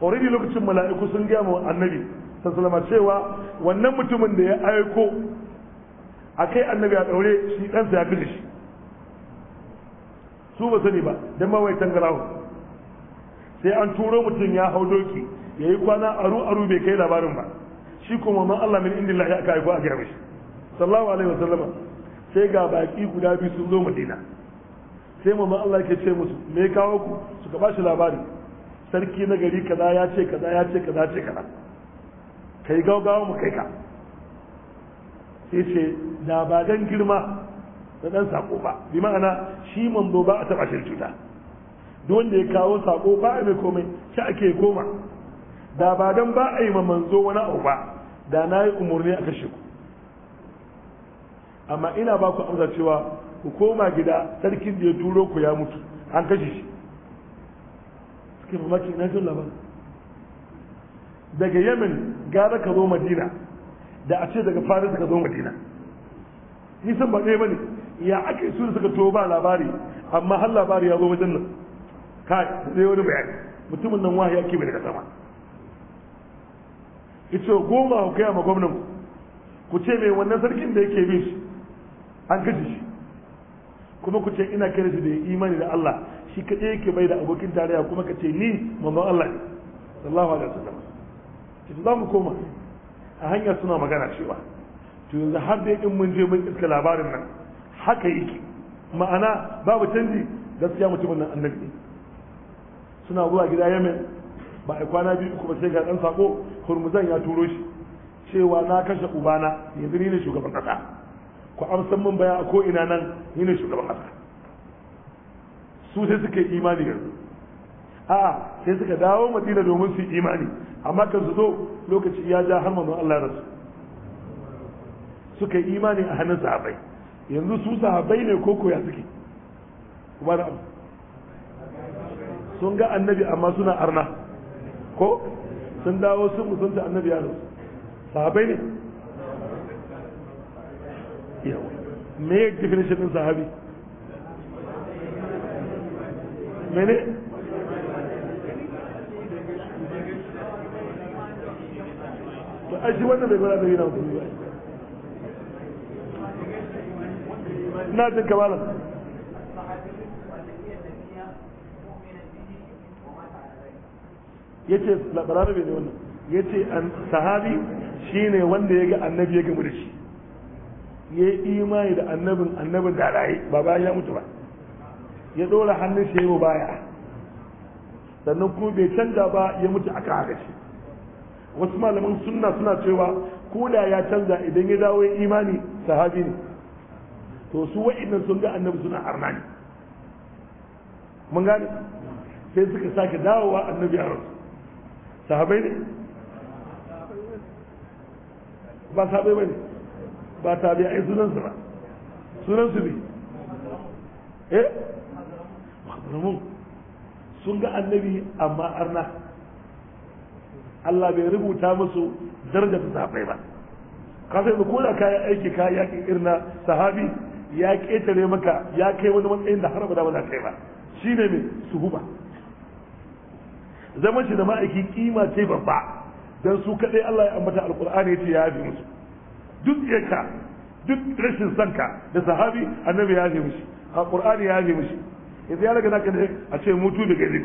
Speaker 1: already lokacin mala'iku sun gaya wa annabi sassalama cewa wannan mutumin da ya aiko a kai annabi a daure shi ɗansa ya fi shi su ba sani ba don mawai tangarawa sai an turo mutum ya hau doki ya yi kwana aru aru bai kai labarin ba shi kuma ma Allah min indillah ya aka aiko a gaya shi sallallahu alaihi wa sallama sai ga baki guda biyu sun zo madina sai mamman Allah yake ce musu me kawo ku suka ba shi labari sarki na gari kaza ya ce kaza ya ce kaza ce kaza kai gaugawa mu kai ka sai ce da ba dan girma da dan sako ba bi ma'ana shi manzo ba a taba shi cuta duk wanda ya kawo sako ba mai komai shi ake koma da ba don ba a yi ma manzo wani abu ba da na yi umarni a kashe ku amma ina ba ku amsa cewa ku koma gida sarkin da ya turo ku ya mutu an kashe shi suke mamaki na jin labar daga yemen gara ka zo madina da a ce daga faris ka zo madina nisan ba ɗaya ba ne ya ake su da suka to ba labari amma har labari ya zo wajen nan kai sai wani bayani mutumin nan wahayi ake bai daga sama yace goma ku kai ma gwamnan ku ce mai wannan sarkin da yake bin shi an kashe shi kuma ku ce ina kare shi da imani da Allah shi kaɗai yake bai da abokin tarayya kuma ka ce ni mamman Allah ne sallallahu alaihi wasallam ki za mu koma a hanyar suna magana cewa to yanzu har dai in mun je mun iska labarin nan haka yake ma'ana babu canji gaskiya mutumin nan annabi suna zuwa gida yamin ba a kwana biyu kuma sai ga dan sako hurmuzan ya turo shi cewa na kashe ubana yanzu ni ne shugaban kasa ku amsan mun baya a ko'ina nan ni ne shugaban kasa su sai suka yi imani yanzu a sai suka dawo madina domin su yi imani amma kan su zo lokaci ya ja har manzon Allah rasu suka yi imani a hannun sahabbai yanzu su sahabbai ne ko koya suke kuma da sun ga annabi amma suna arna ko sun dawo sun musanta annabi ya rasu sahabai ne me ya definition din sahabi mene
Speaker 2: to a shi wannan bai
Speaker 1: gwada da yana mutum ba na jin kamar yace labarabe ne wannan yace an sahabi shine wanda ya ga annabi ya gamu da shi ya yi imani da annabin annabin da raye ba bayan ya mutu ba ya dora hannun shi yayi baya sannan kuma bai canza ba ya mutu aka haka shi wasu malaman sunna suna cewa ko da ya canza idan ya dawo imani sahabi ne to su wa'annan sun ga annabi suna arnani mun gane sai suka sake dawowa annabi a rasu sahabai ne ba sahabai ba ne ba tabi yi sunansu ba sunansu ne eh mahzaramun sun ga annabi amma arna Allah bai rubuta musu daraja ta sahabai ba ka da kula da kayan aiki ka yaƙi irna sahabi ya ƙetare maka ya kai wani matsayin da har ba za ka yi ba shi ne suhuba zaman shi da ma'aiki kima ce babba don su kadai Allah ya ambata ya ce ya yafe musu duk yaka duk rashin sanka da sahabi annabi ya yafe mishi alqur'ani ya yafe mishi idan ya riga na kan a ce mutu da gari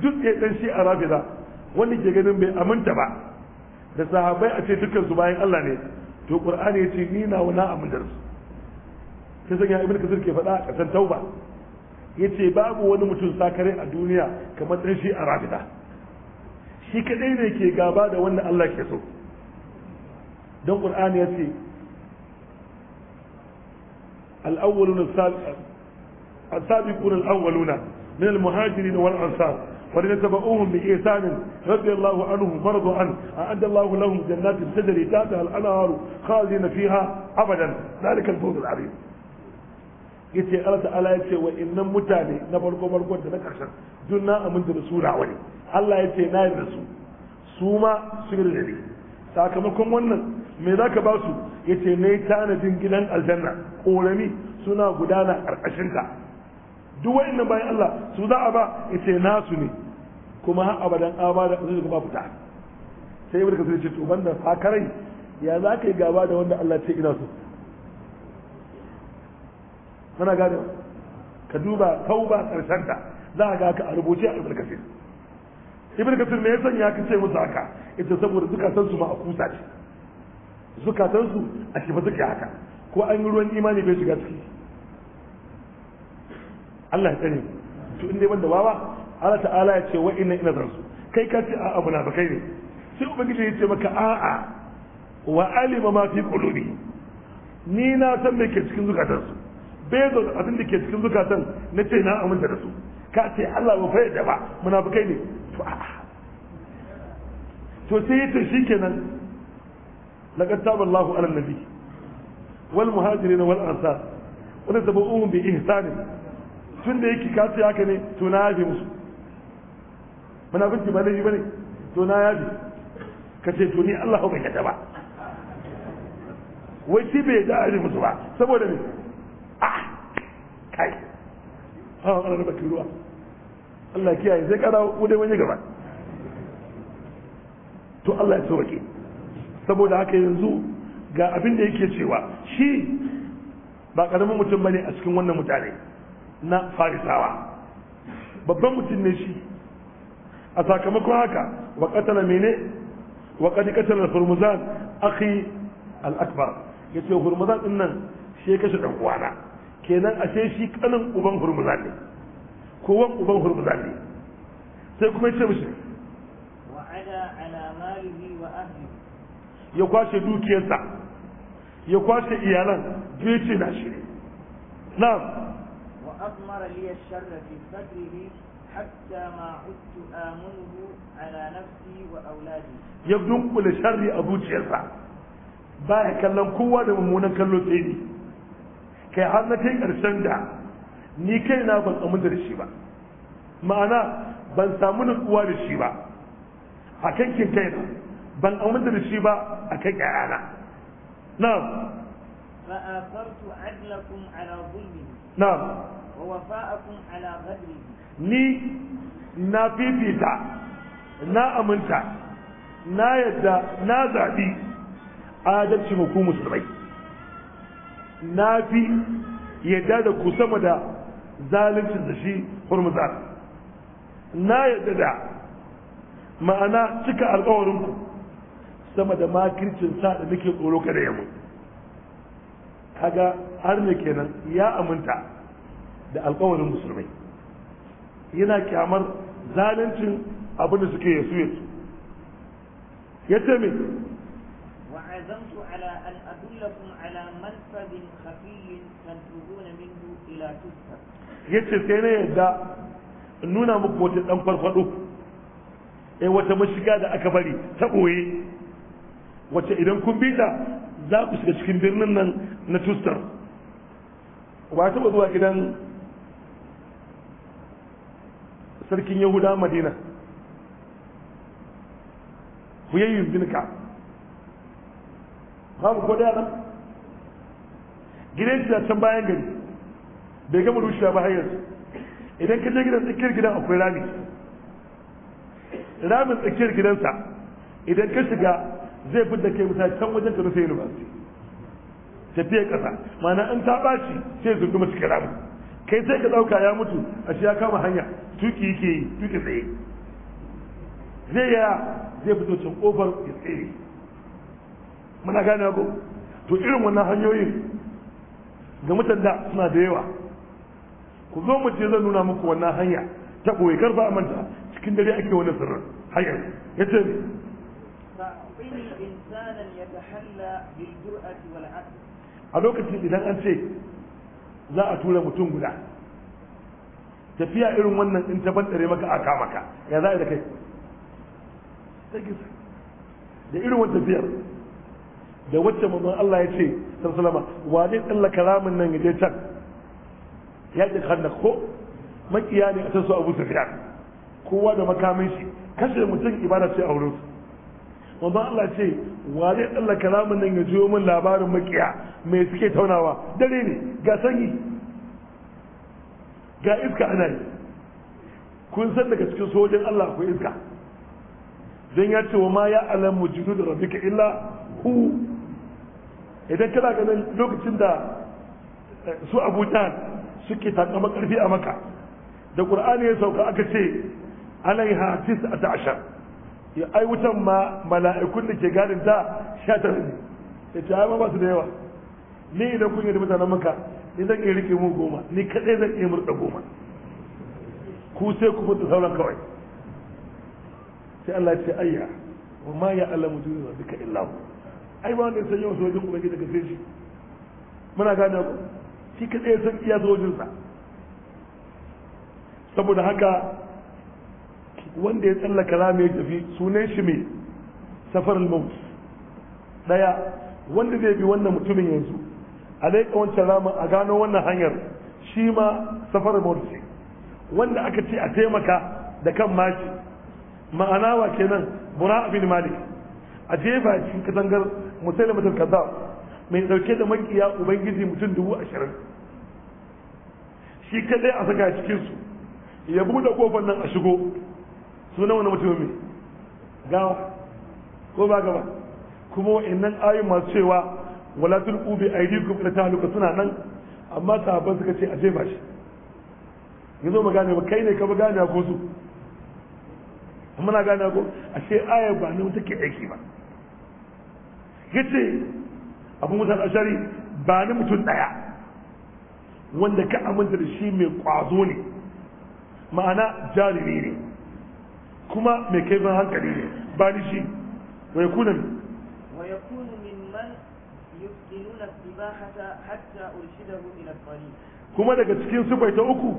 Speaker 1: duk ya dan shi a rafida wani ke ganin bai aminta ba da sahabai a ce dukkan su bayan Allah ne to qur'ani ce ni na wani amintar su sai sanya ibnu kasir ke faɗa a kasan tauba yace babu wani mutum sakare a duniya kamar dan shi a rafida shi kadai ne ke gaba da wanda Allah ke so don qur'ani yace al-awwaluna السابقون الأولون من المهاجرين والأنصار فلن تبعوهم بإحسان رضي الله عنهم ورضوا عنه أعد الله لهم جنات تجري تحتها الأنهار خالدين فيها أبدا ذلك الفوز العظيم yace Allah ta'ala yace wa innan mutane na farko farko da na karshen duk na aminta da su rawa Allah yace na da su su ma su da ni sakamakon wannan me zaka ba su yace ne tanadin gidan aljanna korami suna gudana karkashin ka duk wayannan bayan Allah su za a ba yace su ne kuma har abadan abada zai ba fita sai ibnu kasir ce to banda fakarai ya zaka yi gaba da wanda Allah ce ina so Mana gane ka duba tauba karshen ta za ga ka a rubuce a ibn kasir ibn kasir ne ya sanya ka ce musu haka ita saboda zukatan su ma a kusa ce zukatan su a kifa suke haka ko an yi ruwan imani bai shiga ciki Allah ya tsare to in dai da wawa Allah ta'ala ya ce wa inna ina zarsu kai ka ce a'a kai ne sai ubangiji ya ce maka a'a wa alima ma fi qulubi ni na san me ke cikin zukatansu da abin da ke cikin zukatan na ce na aminta da su ka ce Allah ba fa yadda ba munafikai ne to a'a to sai to shikenan laqad Allahu ala nabi wal muhajirin wal ansar wanda tabu'uhum bi ihsan tun da yake ce haka ne to na yabi musu munafiki ba ne bane to na yabi ka ce to ni Allah ba yadda ba wai shi bai da musu ba saboda ne Ah, kai ha ah, ana da Allah kiyaye sai ka wani gaba to Allah ya sauke saboda haka yanzu ga abin da yake cewa shi ba karamin mutum bane a cikin wannan mutane na farisawa babban mutum ne shi a sakamakon haka wa katala mene wa kadi katala hurmuzan akhi al-akbar yace hurmuzan din nan shi ya kashe dan uwana kenan ashe shi kanin uban hurmuza ne ko wan uban hurmuza ne sai kuma ce mishi
Speaker 2: wa'ada ala malihi wa ahli
Speaker 1: ya kwashe dukiyarsa ya kwashe iyalan gece na shi ne na'am
Speaker 2: wa amara li ash-sharra fi sadrihi hatta ma udtu amunuhu ala nafsi wa auladi
Speaker 1: ya dunkule sharri a zuciyarsa ba ya kallon kowa da mummunan kallo sai ne kai har na kai ƙarshen da ni kai na ban aminta da shi ba ma'ana ban samu kuwa da shi ba a kan kin kai na ban aminta da shi ba a kan ƴaƴana na'am
Speaker 2: fa'afartu adlakum ala zulmi na'am wa wafa'akum ala ghadri
Speaker 1: ni na fifita na aminta na yadda na zaɓi adalcin hukumar musulmai na fi yadda da ku sama da zaluncin da shi hurmuzan na yadda da ma'ana cika alkawarinku sama da makircin sa da nake tsoro kada ya yamu kaga har ne kenan ya aminta da alkawarin musulmai yana kyamar zaluncin abin da suke yasu yasu ya ce
Speaker 2: وعزمت على أن أدلكم على منفذ خفي تنفذون منه إلى تذكر yace sai na yadda
Speaker 1: nuna muku wata إيه وتمشي eh wata تقوي da aka bari ta boye wace idan kun bi ta za ku shiga cikin birnin nan na tustar wa ta zuwa gidan sarkin yahuda madina ku bin binka. babu ko daya nan gidan da can bayan gari bai gama rushewa ba har idan ka je gidan tsakiyar gidan akwai rami ramin tsakiyar gidansa idan ka shiga zai fi da kai wuta can wajen ka rufe university Tafiya ƙasa mana an ta bashi sai zurguma cikin ramin kai sai ka ɗauka ya mutu a shi ya kama hanya tuki yake yi tuki tsaye zai yaya zai fito can ƙofar ya tsaye muna gane ko to irin wannan hanyoyin ga mutan da suna da yawa ku zo mu ce zan nuna muku wannan hanya ta koyi kar a manta cikin dare ake wani sirrin hanyar ya ce ne a lokacin idan an ce za a tura mutum guda tafiya irin wannan in ta bandare maka a kama ka ya za a da kai da irin wani tafiyar da wacce mazan Allah ya ce sallama wa zai tsallaka ramin nan ya je can yaƙin hannak ko makiya ne a tasu abu tafiya kowa da makamin shi kashe mutum ibada ce a wurin su manzon Allah ce wa zai tsallaka ramin nan ya jiyo min labarin makiya mai suke taunawa dare ne ga sanyi ga iska ana yi kun san daga cikin sojin Allah ku iska don ya ce wa ma ya alamu jinu da rabbika illa hu idan kana ganin lokacin da eh, su abu dan suke takama karfi a maka da ƙur'ani ya sauka aka ce alaiha tis'ata ashar ya ai wutan ma mala'ikun da ke gadin ta ta ne ya ce ma su da yawa ni idan kun yi da mutanen maka ni zan iya rike mu goma ni kaɗai zan iya murda goma ku sai ku mutu sauran kawai sai Allah ya ce ayya wa ma ya alamu duniya duka illahu ai ba wanda ya san yawan sojojin ubangiji daga sai shi muna gane ku shi kaɗai ya san iya sojojinsa saboda haka wanda ya tsalla rami ya tafi sunan shi mai safar maut daya wanda zai bi wannan mutumin yanzu a laika wancan rama a gano wannan hanyar shi ma safar maut wanda aka ce a taimaka da kan mashi ma'ana wa kenan bura abin malik a jefa cikin katangar musulmatul kaza mai dauke da makiya ubangiji mutum dubu ashirin shi kadai a saka cikin su ya buɗe kofar nan a shigo sunan wani mutum mai gawa ko ba gaba kuma wa'annan ayoyin masu cewa wala tulqu bi da ta tahluka suna nan amma sahabban suka ce a jefa shi yanzu mu gane ba kai ne ka ba gane ko su muna gane ko ashe ayar ba ne ke aiki ba yace abu musa al-ashari ba ni mutum daya wanda ka aminta da shi mai kwazo ne ma'ana jarumi ne kuma mai kaifin hankali ne ba ni shi wa yakuna min
Speaker 2: wa yakuna mimman yuskinuna sibahata hatta urshidahu ila tariq
Speaker 1: kuma daga cikin sifai ta uku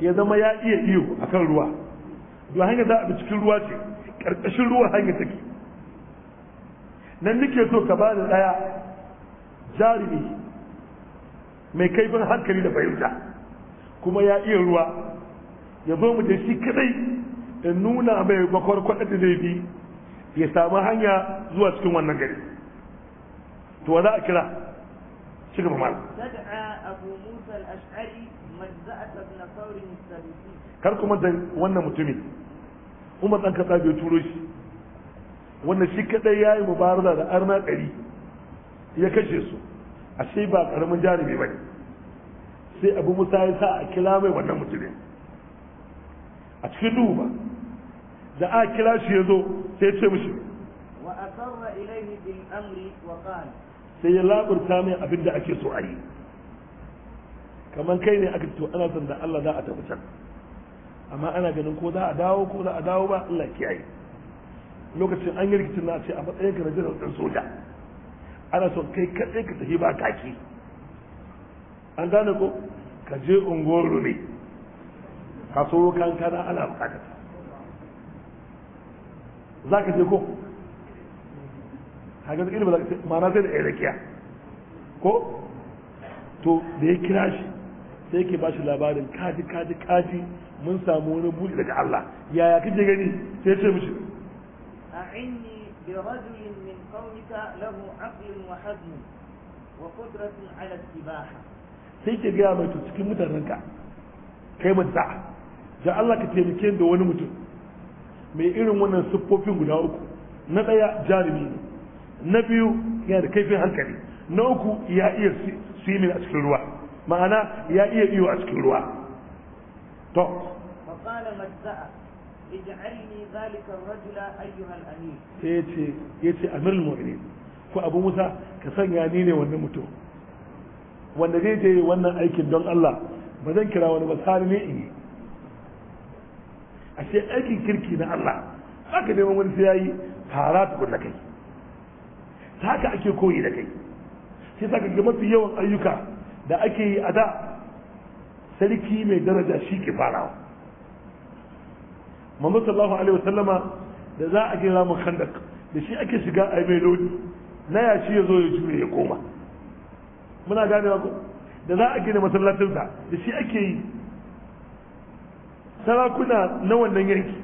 Speaker 1: ya zama ya iya iyo akan ruwa don hanyar za a bi cikin ruwa ce ƙarƙashin ruwa hanyar take nan nake so ka bada ɗaya jarumi mai kaifin hankali da fahimta kuma ya iya ruwa ya zo mu da shi kadai da nuna mai makwarkwadar da zai bi ya samu hanya zuwa cikin wannan gari to za a kira shi gaba mal kar kuma da wannan mutumin umar ɗan kasa bai turo shi wanda shi kadai ya yi mubaraza da arna ɗari ya kashe su ashe ba ƙaramin jarumi ba ne sai abu musa ya sa a kira mai wannan mutumin a cikin duhu ba da a kira shi ya zo sai ce mishi sai ya laburta mai abin da ake so a yi kamar kai ne aka to ana son da Allah za a tafi can amma ana ganin ko za a dawo ko za a dawo ba Allah kiyaye lokacin an yi rikicin na ce a matsayin ka na jiran ɗan soja ana son kai kaɗai ka tafi ba kaki an gane ko ka je unguwar ne ka so kankana ana bukatar za ka je ko haka zai ba za ka ce mana sai da irakiya ko to da ya kira shi sai ke ba shi labarin kaji kaji kaji mun samu wani buɗe daga Allah yaya kake gani sai ce mishi أعني sai ke gaya mai cikin mutanenka kai manta da Allah ka taimake da wani mutum mai irin wannan siffofin guda uku na ɗaya jarumi na biyu yana da kaifin hankali na uku ya iya swimming a ruwa ma'ana ya iya iyo a cikin ruwa to
Speaker 2: اجعلني ذلك الرجل ايها الامير
Speaker 1: Yace يتي امير المؤمنين ko abu musa ka sanya ni ne wannan mutum wanda zai je wannan aikin don Allah ba zan kira wani ba sani ne in yi ashe aikin kirki na Allah haka neman wani sai yayi fara tukun na kai haka ake koyi da kai sai saka ga mafi yawan ayyuka da ake yi a da sarki mai daraja shi ke farawa manzo sallallahu alaihi wasallama da za a gina ramin khandak da shi ake shiga a mai lodi na ya ya zo ya jure ya koma muna gane ba ko da za a gina masallacinsa da shi ake yi sarakuna na wannan yanki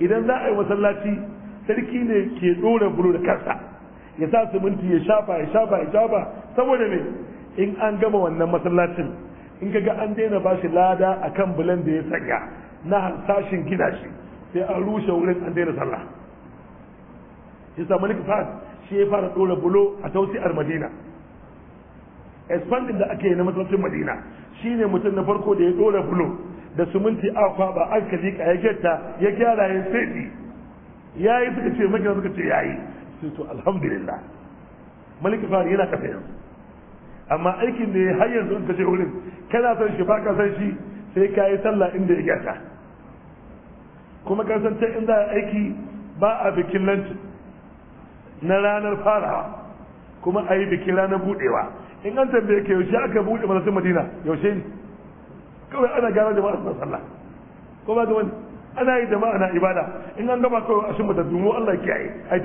Speaker 1: idan za a yi masallaci sarki ne ke ɗora bulo da kansa ya sa siminti ya shafa ya shafa ya shafa saboda ne in an gama wannan masallacin in kaga ga an daina ba shi lada akan bulan da ya sanya na harsashin gida shi sai an rushe wurin an daina sallah isa malik Fad shi ya fara dora bulo a tausiyar madina expanding da ake yi na matsalcin madina shine mutum na farko da ya dora bulo da suminti a kwaba an ka ya getta ya gyara ya sai ya yi suka ce magina suka ce ya yi sai to alhamdulillah malik Fad yana kafa yanzu amma aikin da ya har yanzu in ka je wurin kana son shi ba ka san shi sai ka yi sallah inda ya gyata kuma kasance in za a aiki ba a bikin lantin na ranar fara kuma a yi bikin ranar budewa in an tambaye ka yaushe aka bude masu madina yaushe ne kawai ana gara jama'a suna sallah ko ba da wani ana yi jama'a na ibada in an gama kawai a shimba da dumo Allah kiyaye ai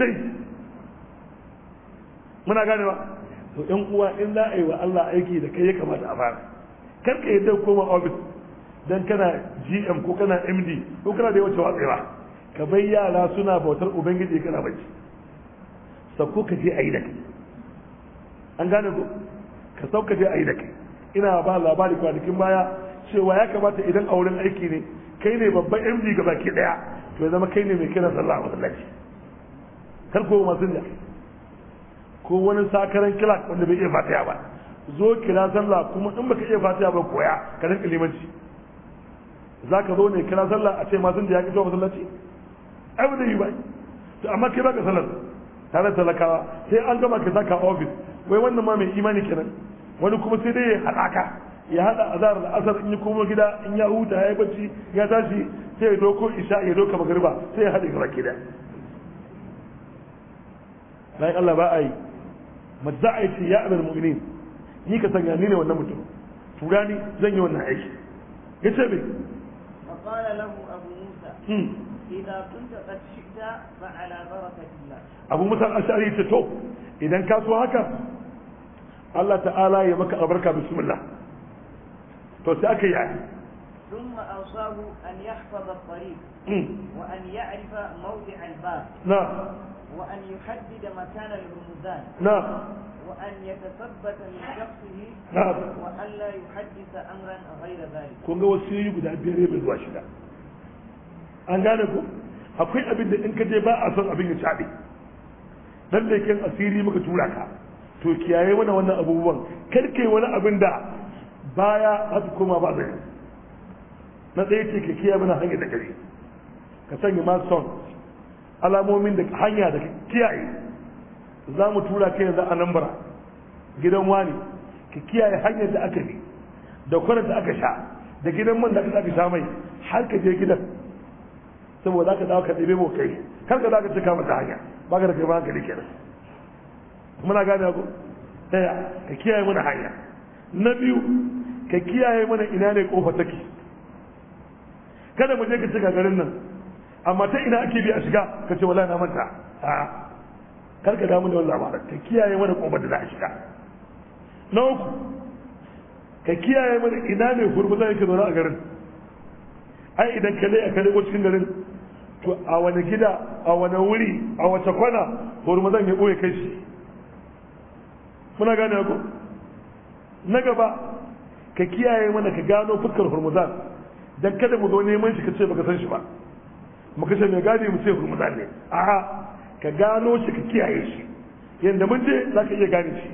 Speaker 1: muna muna ba to yan uwa in za a yi wa Allah aiki da kai ya kamata a fara kar ka yi dauko ma ofis. dan kana gm ko kana md ko kana da yawancin watsira ka bai yara suna bautar ubangiji kana bacci sauko ka je a yi da kai an gane ko ka sauka je a yi da kai ina ba labari kwanakin baya cewa ya kamata idan a wurin aiki ne kai ne babban md gaba ke daya to ya zama kai ne mai kiran sallah a masallaci kar ko masu da ko wani sakaran kila wanda bai iya fatiya ba zo kira sallah kuma in baka iya fatiya ba koya ka rinka limanci za ka zo ne kira sallah a ce masu da ya fito masallaci ai ba yi ba to amma kai baka sallar tare da talakawa sai an gama ka saka ofis wai wannan ma mai imani kenan wani kuma sai dai ya haɗaka ya haɗa azar da asar in ya komo gida in ya huta ya yi bacci ya tashi sai ya doko isha ya doka magariba sai ya haɗe gaba gida bayan Allah ba a yi madda a ce ya amir mu'minin ni ka sanya ni ne wannan mutum turani zan yi wannan aiki ya ce
Speaker 2: bai فقال له أبو موسى إذا كنت قد شئت فعلى بركة الله
Speaker 1: أبو موسى الأشعري تتو إذا كاسوا هكا الله تعالى يمك أبركة بسم الله توسأك يعني
Speaker 2: ثم أوصاه أن يحفظ الطريق وأن يعرف موضع الباب نعم وأن يحدد مكان الرمزان نعم وأن يتثبت لشخصه نعم وأن لا يحدث أمرا غير ذلك
Speaker 1: كون ga wasu yi guda biyar ne zuwa shida an gane ku akwai abin da in ka je ba son abin ya dan da kin asiri muka tura ka to kiyaye wani wannan abubuwan kar wani abin da baya za kuma koma ba zai na tsaye ce ka kiyaye mana hanyar da kare ka sanya ma son alamomin da hanya da kiyaye za mu tura ka yanzu a bara gidan wani ka kiyaye hanyar da aka bi da kwanar da aka sha da gidan man da aka sha mai har ka je gidan saboda ka dawo ka ɗebe mu kai kar ka zaka cika mata hanya ba ka da kai ba hankali nan muna gane ku ɗaya ka kiyaye mana hanya na biyu ka kiyaye mana ina ne kofa take kada mu je ka cika garin nan amma ta ina ake bi a shiga ka ce wala na manta a'a karka damu da wani labarin ka kiyaye mana kobar da za a shiga na uku ka kiyaye mana ina ne hurmuza yake zaune a garin ai idan ka lai a kare cikin garin to a wani gida a wani wuri a wace kwana hurmuzan ya ɓoye kai shi muna gane ku na gaba ka kiyaye mana ka gano fuskar hurmuzan dan kada mu zo neman shi ka ce baka san shi ba mu kashe mai gadi mu ce hurmuzan ne a'a ka gano shi ka kiyaye shi yadda mun je za ka iya gane shi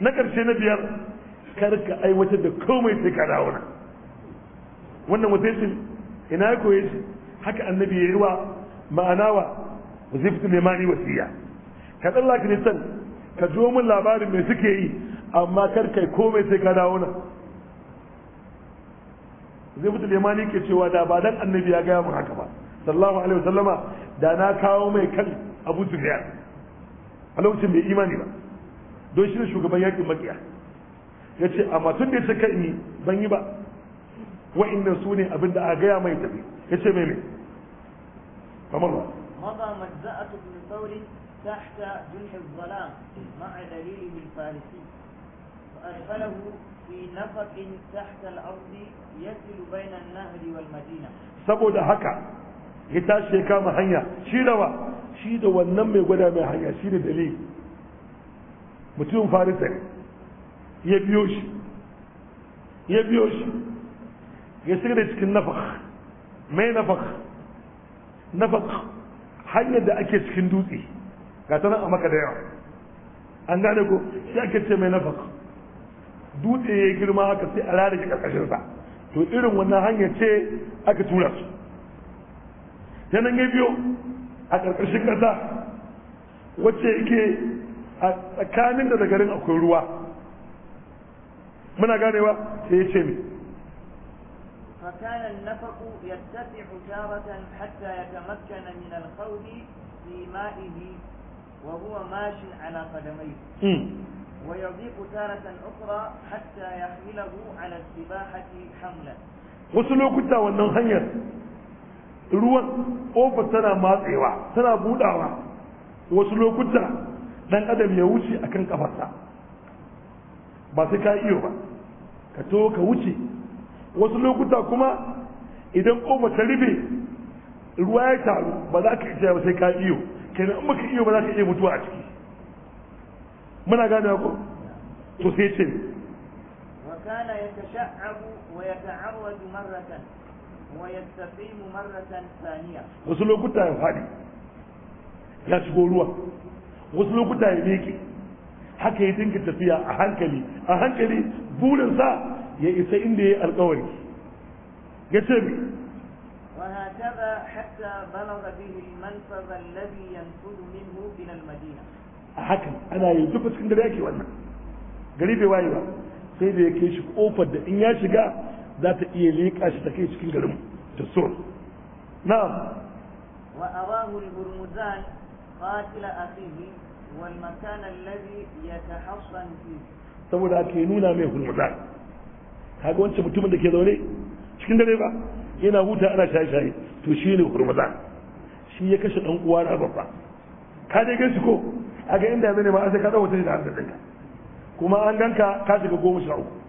Speaker 1: na ƙarshe na biyar kar ka aiwatar da komai sai ka dawo na wannan mutation ina ya koye shi haka annabi ya yi wa ma'ana wa wazifatu limani wasiya ka tsallaka ka san ka jo min labarin me suke yi amma kar kai komai sai ka dawo na zai fita limani ke cewa da ba dan annabi ya gaya mun haka ba sallallahu alaihi wasallama da na kawo mai kan abu zuriya a lokacin bai imani ba don shi ne shugaban yakin makiya ya ce amma tun da ya ce kai ban yi ba wa'annan su ne abin da a gaya mai tafi ya ce mai mai kamar ba
Speaker 2: مضى مجزأة بن ثور تحت جنح الظلام مع دليله الفارسي في نفق تحت الأرض بين النهر والمدينة
Speaker 1: سبو هكا ya tashi ya kama hanya shi da wa shi da wannan mai gwada mai hanya shi da dalili mutum farisa ne ya biyo shi ya biyo shi ya shiga da cikin nafak mai nafak nafak hanyar da ake cikin dutse ga ta nan a maka da yawa an gane ko shi ake ce mai nafak dutse ya yi girma haka sai a rarrake ƙarƙashinsa to irin wannan hanyar ce aka tura su Tanan gan biyo a ƙarƙashin ƙasa wacce yake a tsakanin da garin akwai ruwa muna ganewa e ce me.
Speaker 2: Fakanan na faɗo ya tafi kutaratan hatta ya taimaka na min alkawari dima'i ala ƙaddamai. Hmm. Waya zi kutaratan kusura hatta ya fila bu hamla.
Speaker 1: Wasu lokuta wannan hanyar. ruwan ƙofar tana matsewa tana budawa wasu lokuta ɗan adam ya wuce a kan kafarsa ba sai ka iyo ba ka to ka wuce wasu lokuta kuma idan ƙofa ta rufe ruwa ya taru ba za ka iya ba sai ka iyo kenan in baka iyo ba za ka iya mutuwa a ciki muna gane ko to sai ce wasu lokuta ya faɗi ya shigo ruwa wasu lokuta ya meke haka ya dinka tafiya a hankali a hankali burinsa ya isa inda ya alkawari ya
Speaker 2: ce mi وهكذا حتى بلغ به المنفذ الذي ينفذ منه إلى المدينة
Speaker 1: hakan ana yi duk cikin dare yake wannan gari bai waye ba sai da ya ke shi kofar da in ya shiga za ta iya leƙa shi ta kai cikin garin ta so na'am
Speaker 2: wa awahu al-burmuzan qatil akhihi wal makan alladhi yatahassan fi
Speaker 1: saboda ake nuna mai hurmuzan kaga wancan mutumin da ke zaune cikin dare ba yana huta ana shaye-shaye to shine hurmuzan shi ya kashe dan uwa na babba ka je gaisu ko a ga inda yanzu ne ma sai ka dawo ta da hannun kuma an ganka ka shiga goma sha uku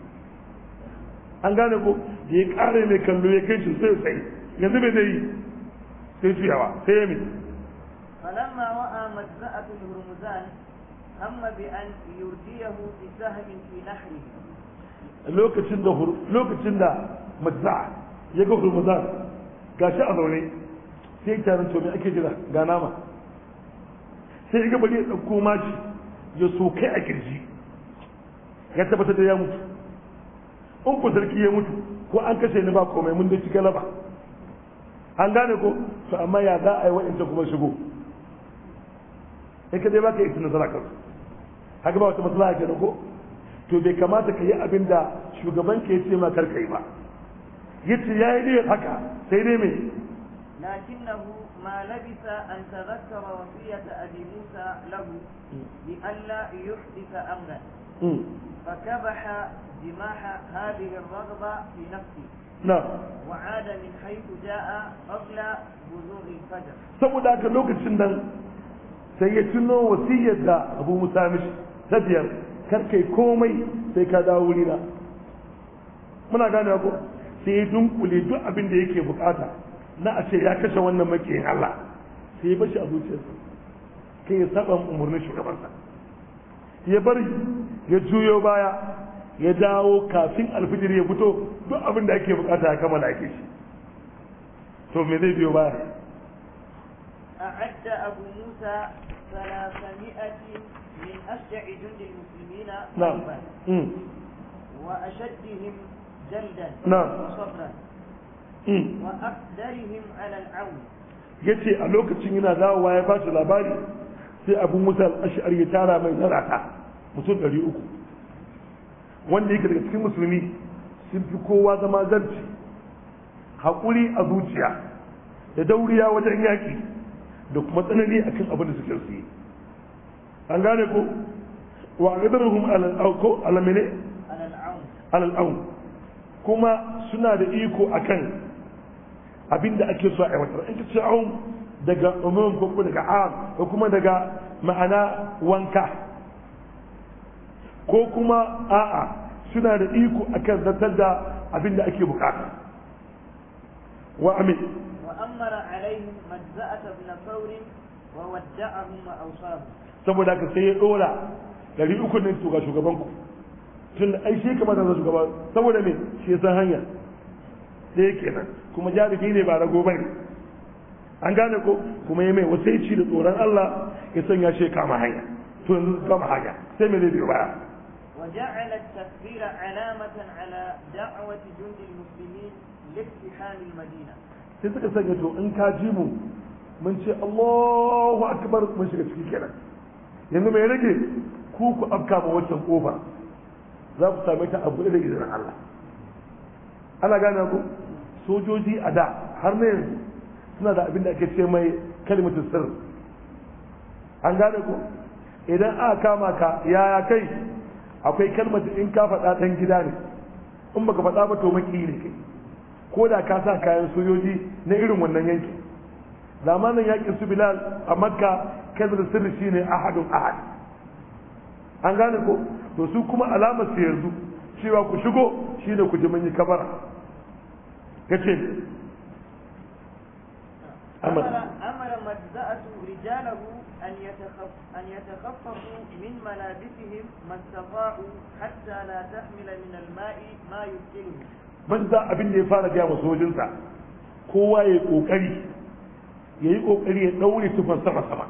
Speaker 1: an gane ko da ya kare mai kallo ya kai shi sai sai yanzu bai zai yi sai juyawa sai ya mai
Speaker 2: فلما hurmuzan, amma الهرمزان هم بأن يرجيه بسهم في نحره
Speaker 1: lokacin da lokacin da mazza ya ga hurmuzan gashi a zaune sai tarin rinto mai ake jira ga nama sai ga bari ya dauko mashi ya so kai a kirji ya tabbatar da ya mutu in ku sarki ya mutu ko an kashe ni ba komai mun dai ci galaba an gane ko to amma ya za a yi wa'inta kuma shigo sai ka dai baka yi tunan nasara haka ba wata matsala ke ko to bai kamata ka yi abin da shugaban ke ce ma karka yi ba ya ce ya yi ne haka sai dai mai
Speaker 2: lakinnahu labisa an أن wasiyata abi musa lahu bi alla yuhdika أمرا فكبح hmm. جماح هذه الرغبة في نفسي نعم وعاد من حيث جاء قبل بزوغ الفجر
Speaker 1: سمو ذاك لوك شندن سيتنو وسية دا أبو مسامش تبير كركي كومي سيكا داولينا muna gane ko sai ya dunkule duk abin da yake bukata na a ce ya kashe wannan makiyin Allah sai ya bashi a zuciyarsa kai ya umarnin shugabansa ya bari ya juyo baya ya dawo kafin alfijir ya fito duk abin da ake bukata ya kammala ake shi to me zai biyo ba
Speaker 2: A musa أعد أبو موسى ثلاثمائة من da جند المسلمين قلبا وأشدهم جلدا وصبرا وأقدرهم على
Speaker 1: ya ce a lokacin yana dawowa ya ba shi labari sai abu musa al'ashari ya tara mai zarata mutum ɗari uku wanda yake daga cikin musulmi sun fi kowa zama zarci haƙuri a zuciya da dauriya wajen yaƙi da kuma tsanani a kan abin da suke su an gane ko wa qadarhum alal'auko alamine alal'aun kuma suna da iko a kan abin da ake so a aiwatar in ka ce aun daga umum ko daga am ko kuma daga ma'ana wanka ko kuma a'a suna da iko akan zartar da abin da ake bukata wa amin
Speaker 2: wa amara alaihim majza'at ibn thawr wa wadda'ahum wa awsahu
Speaker 1: saboda ka sai ya dora dari uku ne to ga shugaban ku tun ai shi kamata da shugaba saboda me shi san hanya sai kenan kuma jarumi ne ba rago bane an gane ko kuma ya mai wasaici da tsoron Allah ya sanya shi kama hanya to yanzu kama hanya sai me zai biyo baya
Speaker 2: وجعل التكبير علامة على دعوة جند المسلمين لاقتحام المدينة
Speaker 1: sai suka إن to من ka الله أكبر من ce Allahu akbar mun shiga ciki kenan yanzu mai rage ku kofa za ku same ta abu da izinin Allah ana gane ku sojoji a da har na yanzu suna da abin da ake ce mai kalmatin sir. an gane ku idan aka kama ka yaya kai akwai kalmar in ka faɗa ɗan gida ne in baka faɗa ba to maki ne kai ko da ka sa kayan sojoji na irin wannan yankin zamanin yakin su bilal a makka kazar sirri shine ahadun ahad an gane ko to su kuma alamar su yanzu cewa ku shigo shi ne ku ji mun yi kabara kace amara
Speaker 2: amara rijalahu أن, يتخف أن يتخففوا من ملابسهم ما استطاعوا حتى لا تحمل من الماء ما يسكنهم
Speaker 1: من ذا أبن يفعل جاء وسوجنسا kowa ya kokari ya yi kokari ya daure tufan sama sama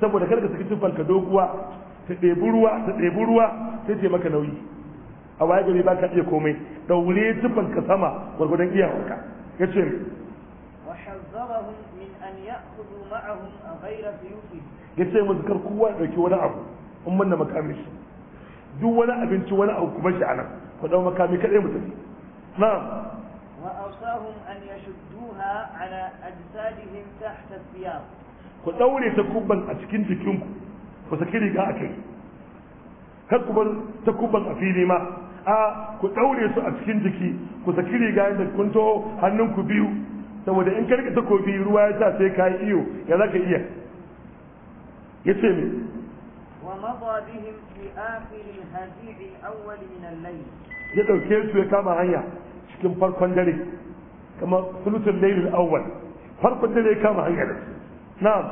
Speaker 1: saboda karka saki tufan ka doguwa ta ɗebi ruwa a waye gari ba ka iya komai da daure tufan ka sama gwargwadon iyawarka ya ce
Speaker 2: min an ya'khudhu ma'ahum ghayra suyuf
Speaker 1: ya ce musu kar kowa ya ɗauki wani abu in manna makamin shi duk wani abinci wani abu kuma shi anan ku dau makami kaɗai mu tafi na'am
Speaker 2: awsahum an yashudduha ala ajsadihim tahta الثياب
Speaker 1: ku daure takubban a cikin jikinku ku saki riga a kai kar ku bar takubban a fili ma a ku daure su a cikin jiki ku saki riga da kun to ku biyu saboda in karka kofi ruwa ya sa sai ka yi iyo ya zaka iya
Speaker 2: yace me wa mada bihim fi akhir al-hadi'i al-awwal min al-layl ya dauke su
Speaker 1: ya kama hanya cikin farkon dare kamar sulutul layl al-awwal farkon dare ya kama hanya da su. na'am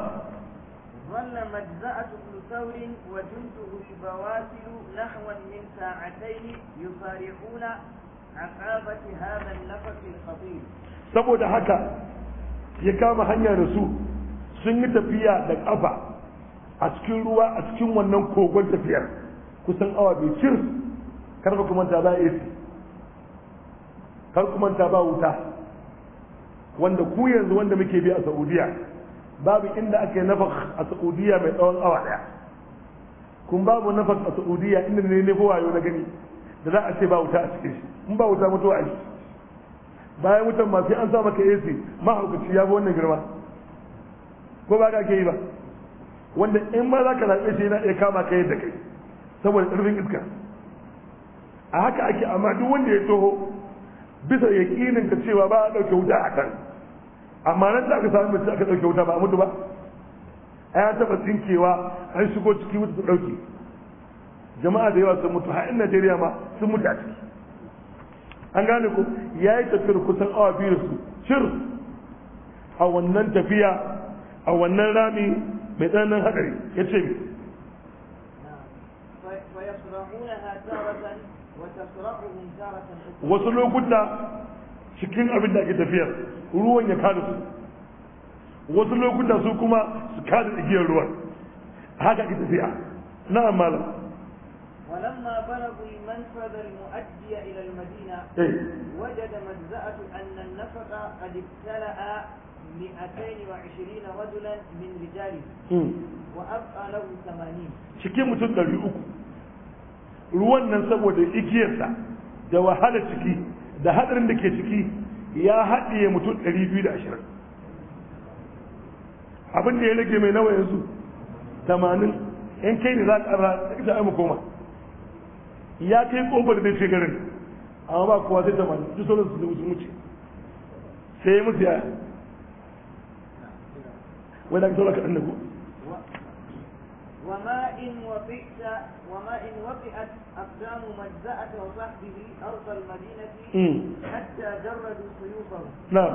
Speaker 2: ظل مجزأة بن ثور وجنده بواسل نحو من ساعتين يصارعون عقابة هذا النفس الخطير
Speaker 1: saboda haka ya kama hanya da su sun yi tafiya da ƙafa a cikin ruwa a cikin wannan kogon tafiyar kusan awa bai cir kar ka ta ba AC kar kumanta ba wuta wanda ku yanzu wanda muke bi a Saudiya babu inda ake nafak a Saudiya mai tsawon awa daya kun babu nafak a Saudiya inda ne ne wayo na gani da za a ce ba wuta a cikin shi in ba wuta mutuwa a shi bayan wutan masu sai an sa maka AC mahaukaci ya bi wannan girma ko ba ka ke yi ba wanda in ma za ka zaɓe shi yana iya kama ka yadda kai saboda ƙarfin iska a haka ake amma duk wanda ya toho bisa yaƙinin ka cewa ba a ɗauke wuta a kan amma nan da aka samu mace aka ɗauke wuta ba a mutu ba a ya taɓa tsinkewa an shigo ciki wuta su ɗauke jama'a da yawa sun mutu har in najeriya ma sun mutu a ciki an gane ku ya yi tafiyar kusan awa biyu da su shir a wannan tafiya a wannan rami mai tsananin hadari ya ce mi
Speaker 2: wasu lokuta
Speaker 1: cikin abin da ake tafiyar ruwan ya kada su wasu lokuta su kuma su kada igiyar ruwan haka ake tafiya na'am malam
Speaker 2: ولما بلغوا المنفذ المؤدي إلى المدينة وجد مجزأة أن النفق قد ابتلأ
Speaker 1: cikin mutum ɗari uku ruwan nan saboda ikiyarsa da wahala ciki da hadarin da ke ciki ya haɗiye mutum ɗari biyu da ashirin abin da ya rage mai nawa yanzu tamanin yan kai ne za a ƙara da ita ai makoma ya kai ƙofar da ce garin amma ba kowa zai tamanin duk sauransu da wuce sai mutu ya wai da ka saura kaɗan da
Speaker 2: وما إن وقعت وما إن وقعت أقدام مجزأة وصحبه أرض المدينة حتى جردوا سيوفهم نعم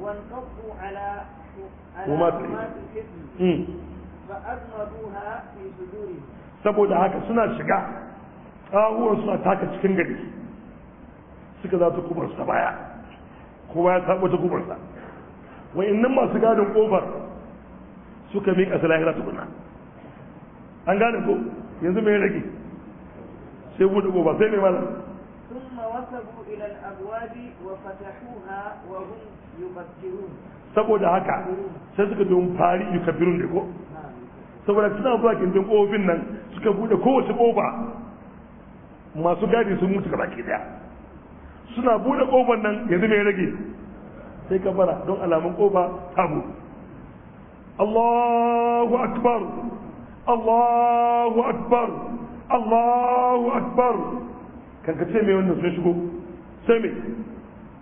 Speaker 2: وانقضوا على على الحزب في صدورهم saboda haka suna shiga
Speaker 1: ƙahuwar suna taka cikin gari suka za ta kubarsa baya kuma ya taɓa ta kubarsa masu gadin ƙofar suka miƙa su lahira tukuna an gane ko yanzu mai rage sai bude gobe sai mai malam saboda haka sai suka don fari kabirun da ko saboda suna zuwa kintin kofin nan suka bude kowace kofa masu gadi sun mutu gaba ke daya suna bude kofar nan yanzu mai rage sai ka fara don alamun kofa ta الله أكبر الله أكبر الله أكبر كان كتسمي وانا سنشكو سمي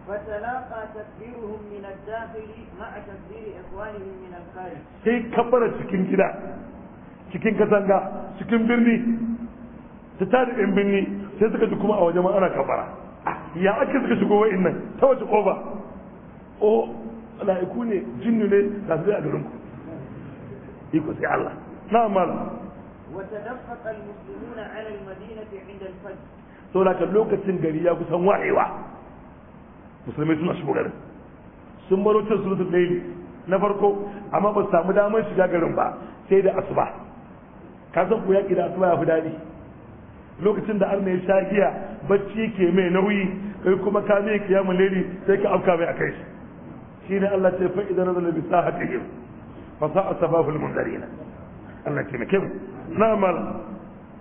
Speaker 2: فتلاقى تكبيرهم من الداخل مع تكبير إخوانهم من الخارج
Speaker 1: هي كبرت سكين كده cikin katanga cikin birni ta tare ɗin birni sai suka ji kuma a wajen ana kafara ah, ya ake suka shigo wa'in nan ta wace ƙofa o oh, la'iku ne jinnu ne ta zai a garin ku. iko sai Allah na mal
Speaker 2: وتدفق المسلمون على المدينة عند الفجر
Speaker 1: lokacin gari ya kusan واعيوا musulmai suna shigo garin sun baro cin sulutul laili na farko amma ba su samu damar shiga garin ba sai da asuba ka san ku yaki da asuba ya fi daɗi lokacin da arna ya sha giya bacci ke mai nauyi kai kuma ka mai kiyamun laili sai ka afka mai akai shi shine Allah ce fa idan nazala bi sahatihim fa sa'a sabahul mundarin Allah ke نعمل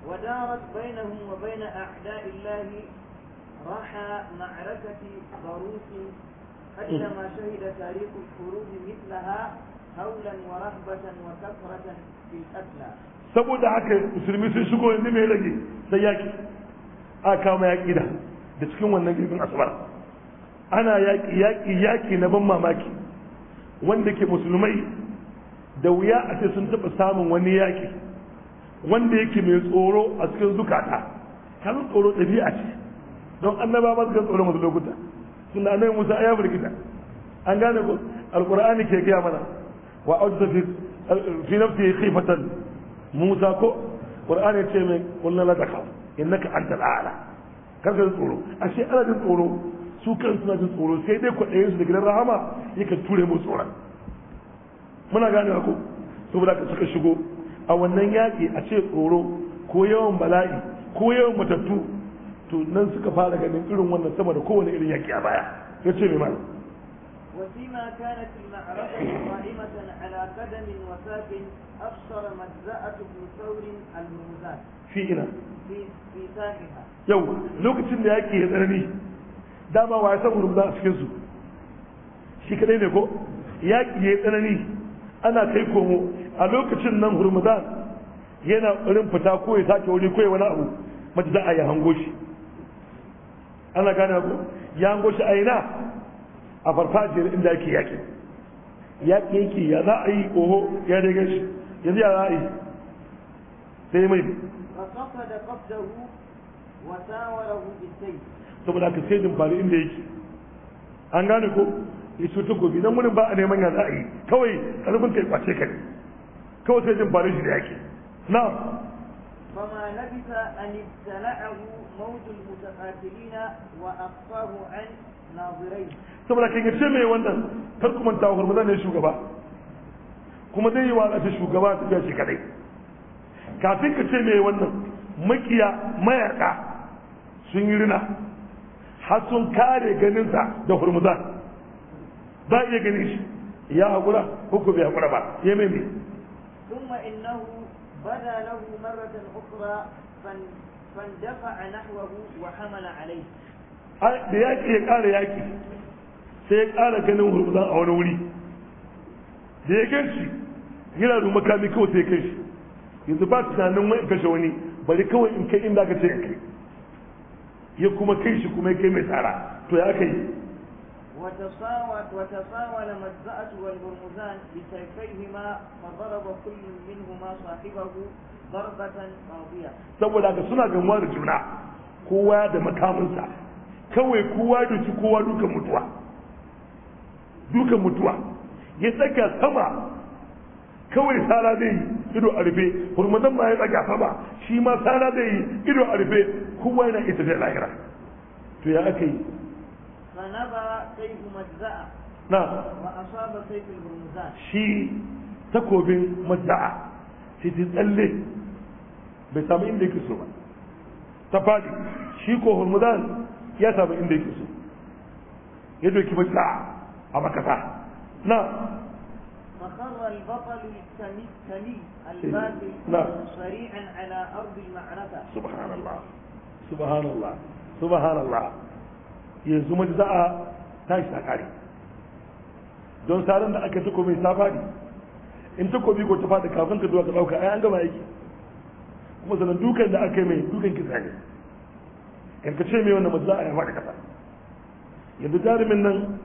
Speaker 2: ودارت na وبين wadarat الله راح bain ضروس Allah شهد تاريخ الخروج مثلها هولا ورهبة وكثرة في القتلى
Speaker 1: saboda haka musulmi sun shigo yanzu mai rage sai yaki a kama yaki da da cikin wannan girgin asmar ana yaki yaki yaki na ban mamaki wanda ke musulmai da wuya a ce sun taɓa samun wani yaƙi wanda yake mai tsoro a cikin zukata kan tsoro ɗabi'a ce don annaba ma kan tsoro masu lokuta suna annabi musa ya firgita an gane ko Alƙur'ani ke gaya mana wa auta fi fi nafsihi khifatan musa ko qur'ani ce mai qulna la takhaf innaka antal a'la kaga tsoro ashe ana jin tsoro su kan suna jin tsoro sai dai kwaɗayensu da gidan rahama yakan ture mu tsoron muna gane ko saboda ka suka shigo a wannan yaki a ce tsoro ko yawan bala'i ko yawan matattu to nan suka fara ganin irin wannan sama da kowane irin yaki a baya ya ce mai mana
Speaker 2: وفيما كانت المعركة قائمة على قدم وساق أبصر مجزأة بن ثور الموزان في إنا في في ساقها Yau,
Speaker 1: lokacin da yake ya tsanani dama wa ya san hurumza a cikin shi kadai ne ko yaki ya tsanani ana kai komo a lokacin nan hurmudan yana rin fita ko ya sake wuri ko ya wani abu mace za a yi hango shi ana gane ko ya hango shi a yi na a farfajiyar inda yake yaƙi yaƙi yake ya za a yi oho ya daga shi yanzu ya za a yi sai mai saboda ka sai dimbali inda yake an gane ko ya cuta gobe nan wurin ba a neman ya za a yi kawai karfin ka yi kwace ka ne kawai sai jin farin shi da yake na
Speaker 2: fama na bisa an tala'ahu mautul mutaqatilina wa afahu an nazirai
Speaker 1: saboda kin ce mai wannan kar ku manta hurma zan yi shugaba kuma zai yi wa ƙasa shugaba ta biya shi kadai kafin ka ce mai wannan makiya mayaka sun yi rina har sun kare ganinsa da hurmuzan ba iya gani shi ya haƙura ko bai haƙura ba ya mai mai
Speaker 2: ثم إنه بدا له مرة أخرى فاندفع نحوه وحمل عليه
Speaker 1: da yaƙi ya ƙara yaƙi sai ya ƙara ganin hurmuza a wani wuri da ya kai shi yana da makami kawai sai ya kai shi yanzu ba tunanin wani kashe wani bari kawai in kai inda aka ce ya kai ya kuma kai shi kuma ya kai mai tsara to ya kai
Speaker 2: وتساوت وتساول مجزأة والبرمزان بسيفيهما فضرب كل منهما صاحبه ضربة قاضية
Speaker 1: saboda suna gamuwa da juna kowa da makaminsa kawai kowa da ci kowa duka mutuwa duka mutuwa ya tsaka sama kawai zai yi ido a rufe ma ya tsaka sama shi ma sara zai yi ido a rufe kowa yana ita da lahira to ya aka yi
Speaker 2: فأذنب سيف مجزأة نعم وأصاب سيف البرمزان
Speaker 1: شي تكو بين مجزأة في تتألي بسام إندي كسو تفادي شيكو هرمزان يا سام إندي كسو يدو كي مجزأة أما كتا نعم
Speaker 2: فخر البطل التمي الباطل سريعا على أرض المعركة سبحان
Speaker 1: الله سبحان الله سبحان الله yanzu mata za a tashi ta kare don saran da aka tuko mai safari in takobi ko ta fada kafin ka zuwa ka ɗauka ai an gama aiki kuma sanan dukan da aka yi mai dukan kisa ne ce mai wannan mace za a yi faɗi kasa yanzu jarumin nan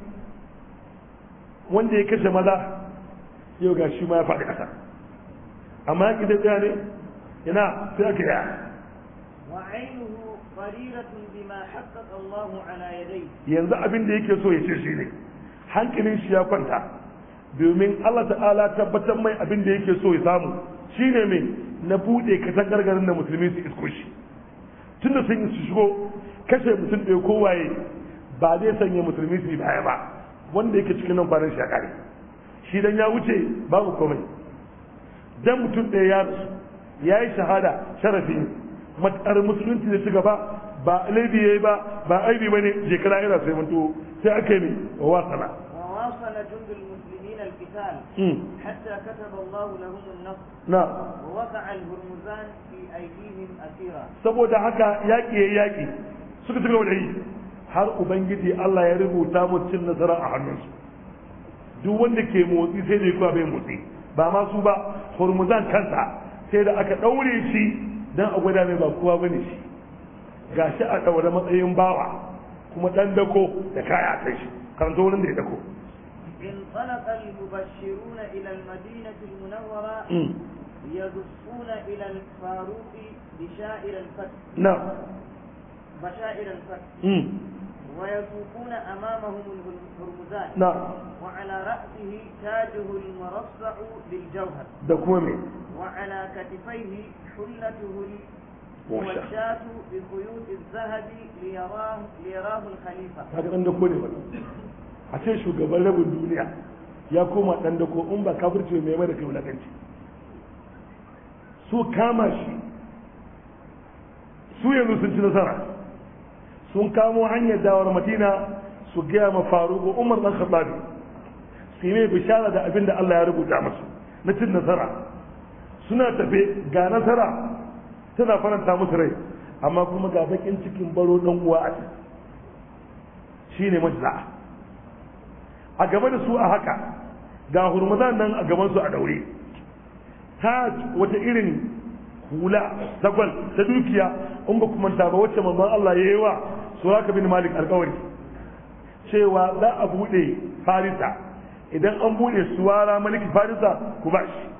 Speaker 1: wanda ya kashe maza yau ga shi ma ya faɗi kasa amma ya ƙi da ne yana sai aka
Speaker 2: yi
Speaker 1: yanzu abin da yake so ya ce shi ne hankalin shi ya kwanta domin Allah ta'ala tabbatar mai abin da yake so ya samu shi ne mai na buɗe kasar gargarin da musulmi su isko shi tun da sun su shigo kashe mutum ɗaya kowaye ba zai sanya musulmi su baya ba wanda yake cikin nan kwanan shi a kare shi dan ya wuce babu komai dan mutum ɗaya ya ya yi shahada sharafi matsar musulunci da ci ba ba laifi yayi ba ba aibi bane je kana ira sai mun to sai aka yi wasala
Speaker 2: wasala jundul muslimin alqital hmm. hatta kataba Allah lahum an-nasr na waqa'a al-hurmuzan fi aydihim asira saboda haka yaki yayi
Speaker 1: yaki suka cigaba da har ubangiji Allah ya rubuta mu cin nasara a hannunsu duk wanda ke motsi sai da kuma bai motsi ba ma su ba hurmuzan kansa sai da aka daure shi dan a gwada mai ba kowa bane shi ga shi a ɗaure matsayin bawa kuma ɗan dako da kaya kai shi karanta wurin da ya dako
Speaker 2: انطلق المبشرون إلى المدينة المنورة يدفون إلى الفاروق بشائر الفتح نعم بشائر الفتح ويسوقون أمامهم الهرمزات نعم وعلى رأسه تاجه المرصع بالجوهر دكومي وعلى كتفيه حلته والشاة بخيوط الذهب ليراه ليراه الخليفة هذا عندك كل
Speaker 1: a ce shugaban rabin duniya ya koma dan dako in ba kafirci mai mai da kai wulakanci su kama shi su yanzu sun ci nasara sun kamo hanyar dawar matina su gaya ma faruku umar dan khattabi su yi mai bishara da abin da Allah ya rubuta masu na cin nasara suna tafe ga nasara tana faranta musu rai amma kuma ga bakin cikin baro dan uwa a shi ne majza'a a game da su a haka ga hurmazan nan a gaban su a daure ta wata irin hula zagwal ta dukiya in ba kuma ba wacce mamman Allah ya yi wa ka bin malik alkawari cewa za a buɗe farisa idan an buɗe suwara maliki farisa ku ba shi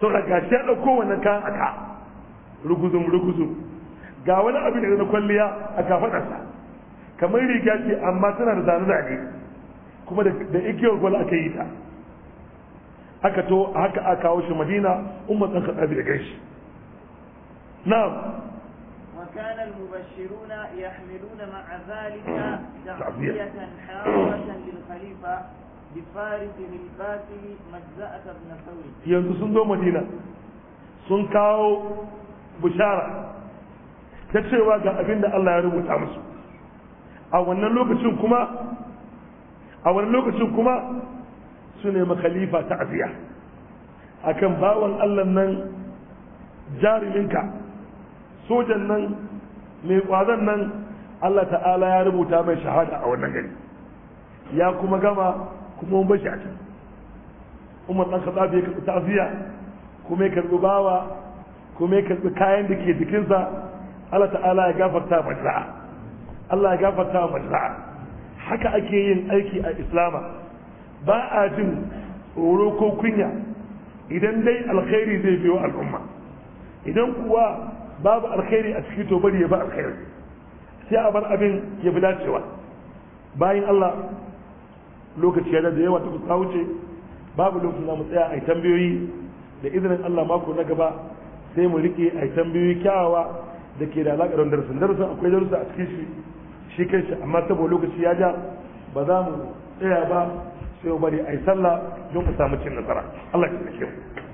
Speaker 1: to ga gashi ya ɗauko wannan kayan aka ruguzum ruguzum ga wani abin da na kwalliya a kafaɗarsa kamar riga ce amma tana da zane-zane kuma da igiyar gwal aka yi ta haka to haka a kawo shi madina umar ɗan kaɗa da gaishe na'am
Speaker 2: وكان المبشرون يحملون مع ذلك تعزية حارة للخليفة
Speaker 1: yanzu sun zo madina sun kawo bushara ta cewa ga abin da Allah ya rubuta musu a wannan lokacin kuma a wannan lokacin kuma su ne makhalifa ta afiya akan bawan Allah nan jariminka sojan nan mai kwazon nan Allah ta'ala ya rubuta mai shahada a wannan gari ya kuma gama kuma mun bashi a can umar ɗan kaza ya karɓi tafiya kuma ya karɓi bawa kuma ya karɓi kayan da ke jikinsa Allah ta'ala ya gafarta wa majra'a Allah ya gafarta wa majra'a haka ake yin aiki a islama ba a jin tsoro ko kunya idan dai alkhairi zai biyo al'umma idan kuwa babu alkhairi a cikin to bari ya ba alkhairi sai a bar abin ya bi dacewa bayan Allah lokaci ya da yawa ta kusa wuce babu lokacin za mu tsaya a yi tambayoyi da izinin Allah mako na gaba sai mu rike a yi tambayoyi kyawawa da ke da alaƙar wani darasin darasin akwai darasa a cikin shi shi shi amma saboda lokaci ya ja ba za mu tsaya ba sai mu bari a yi sallah don mu samu cin nasara Allah ya kiyaye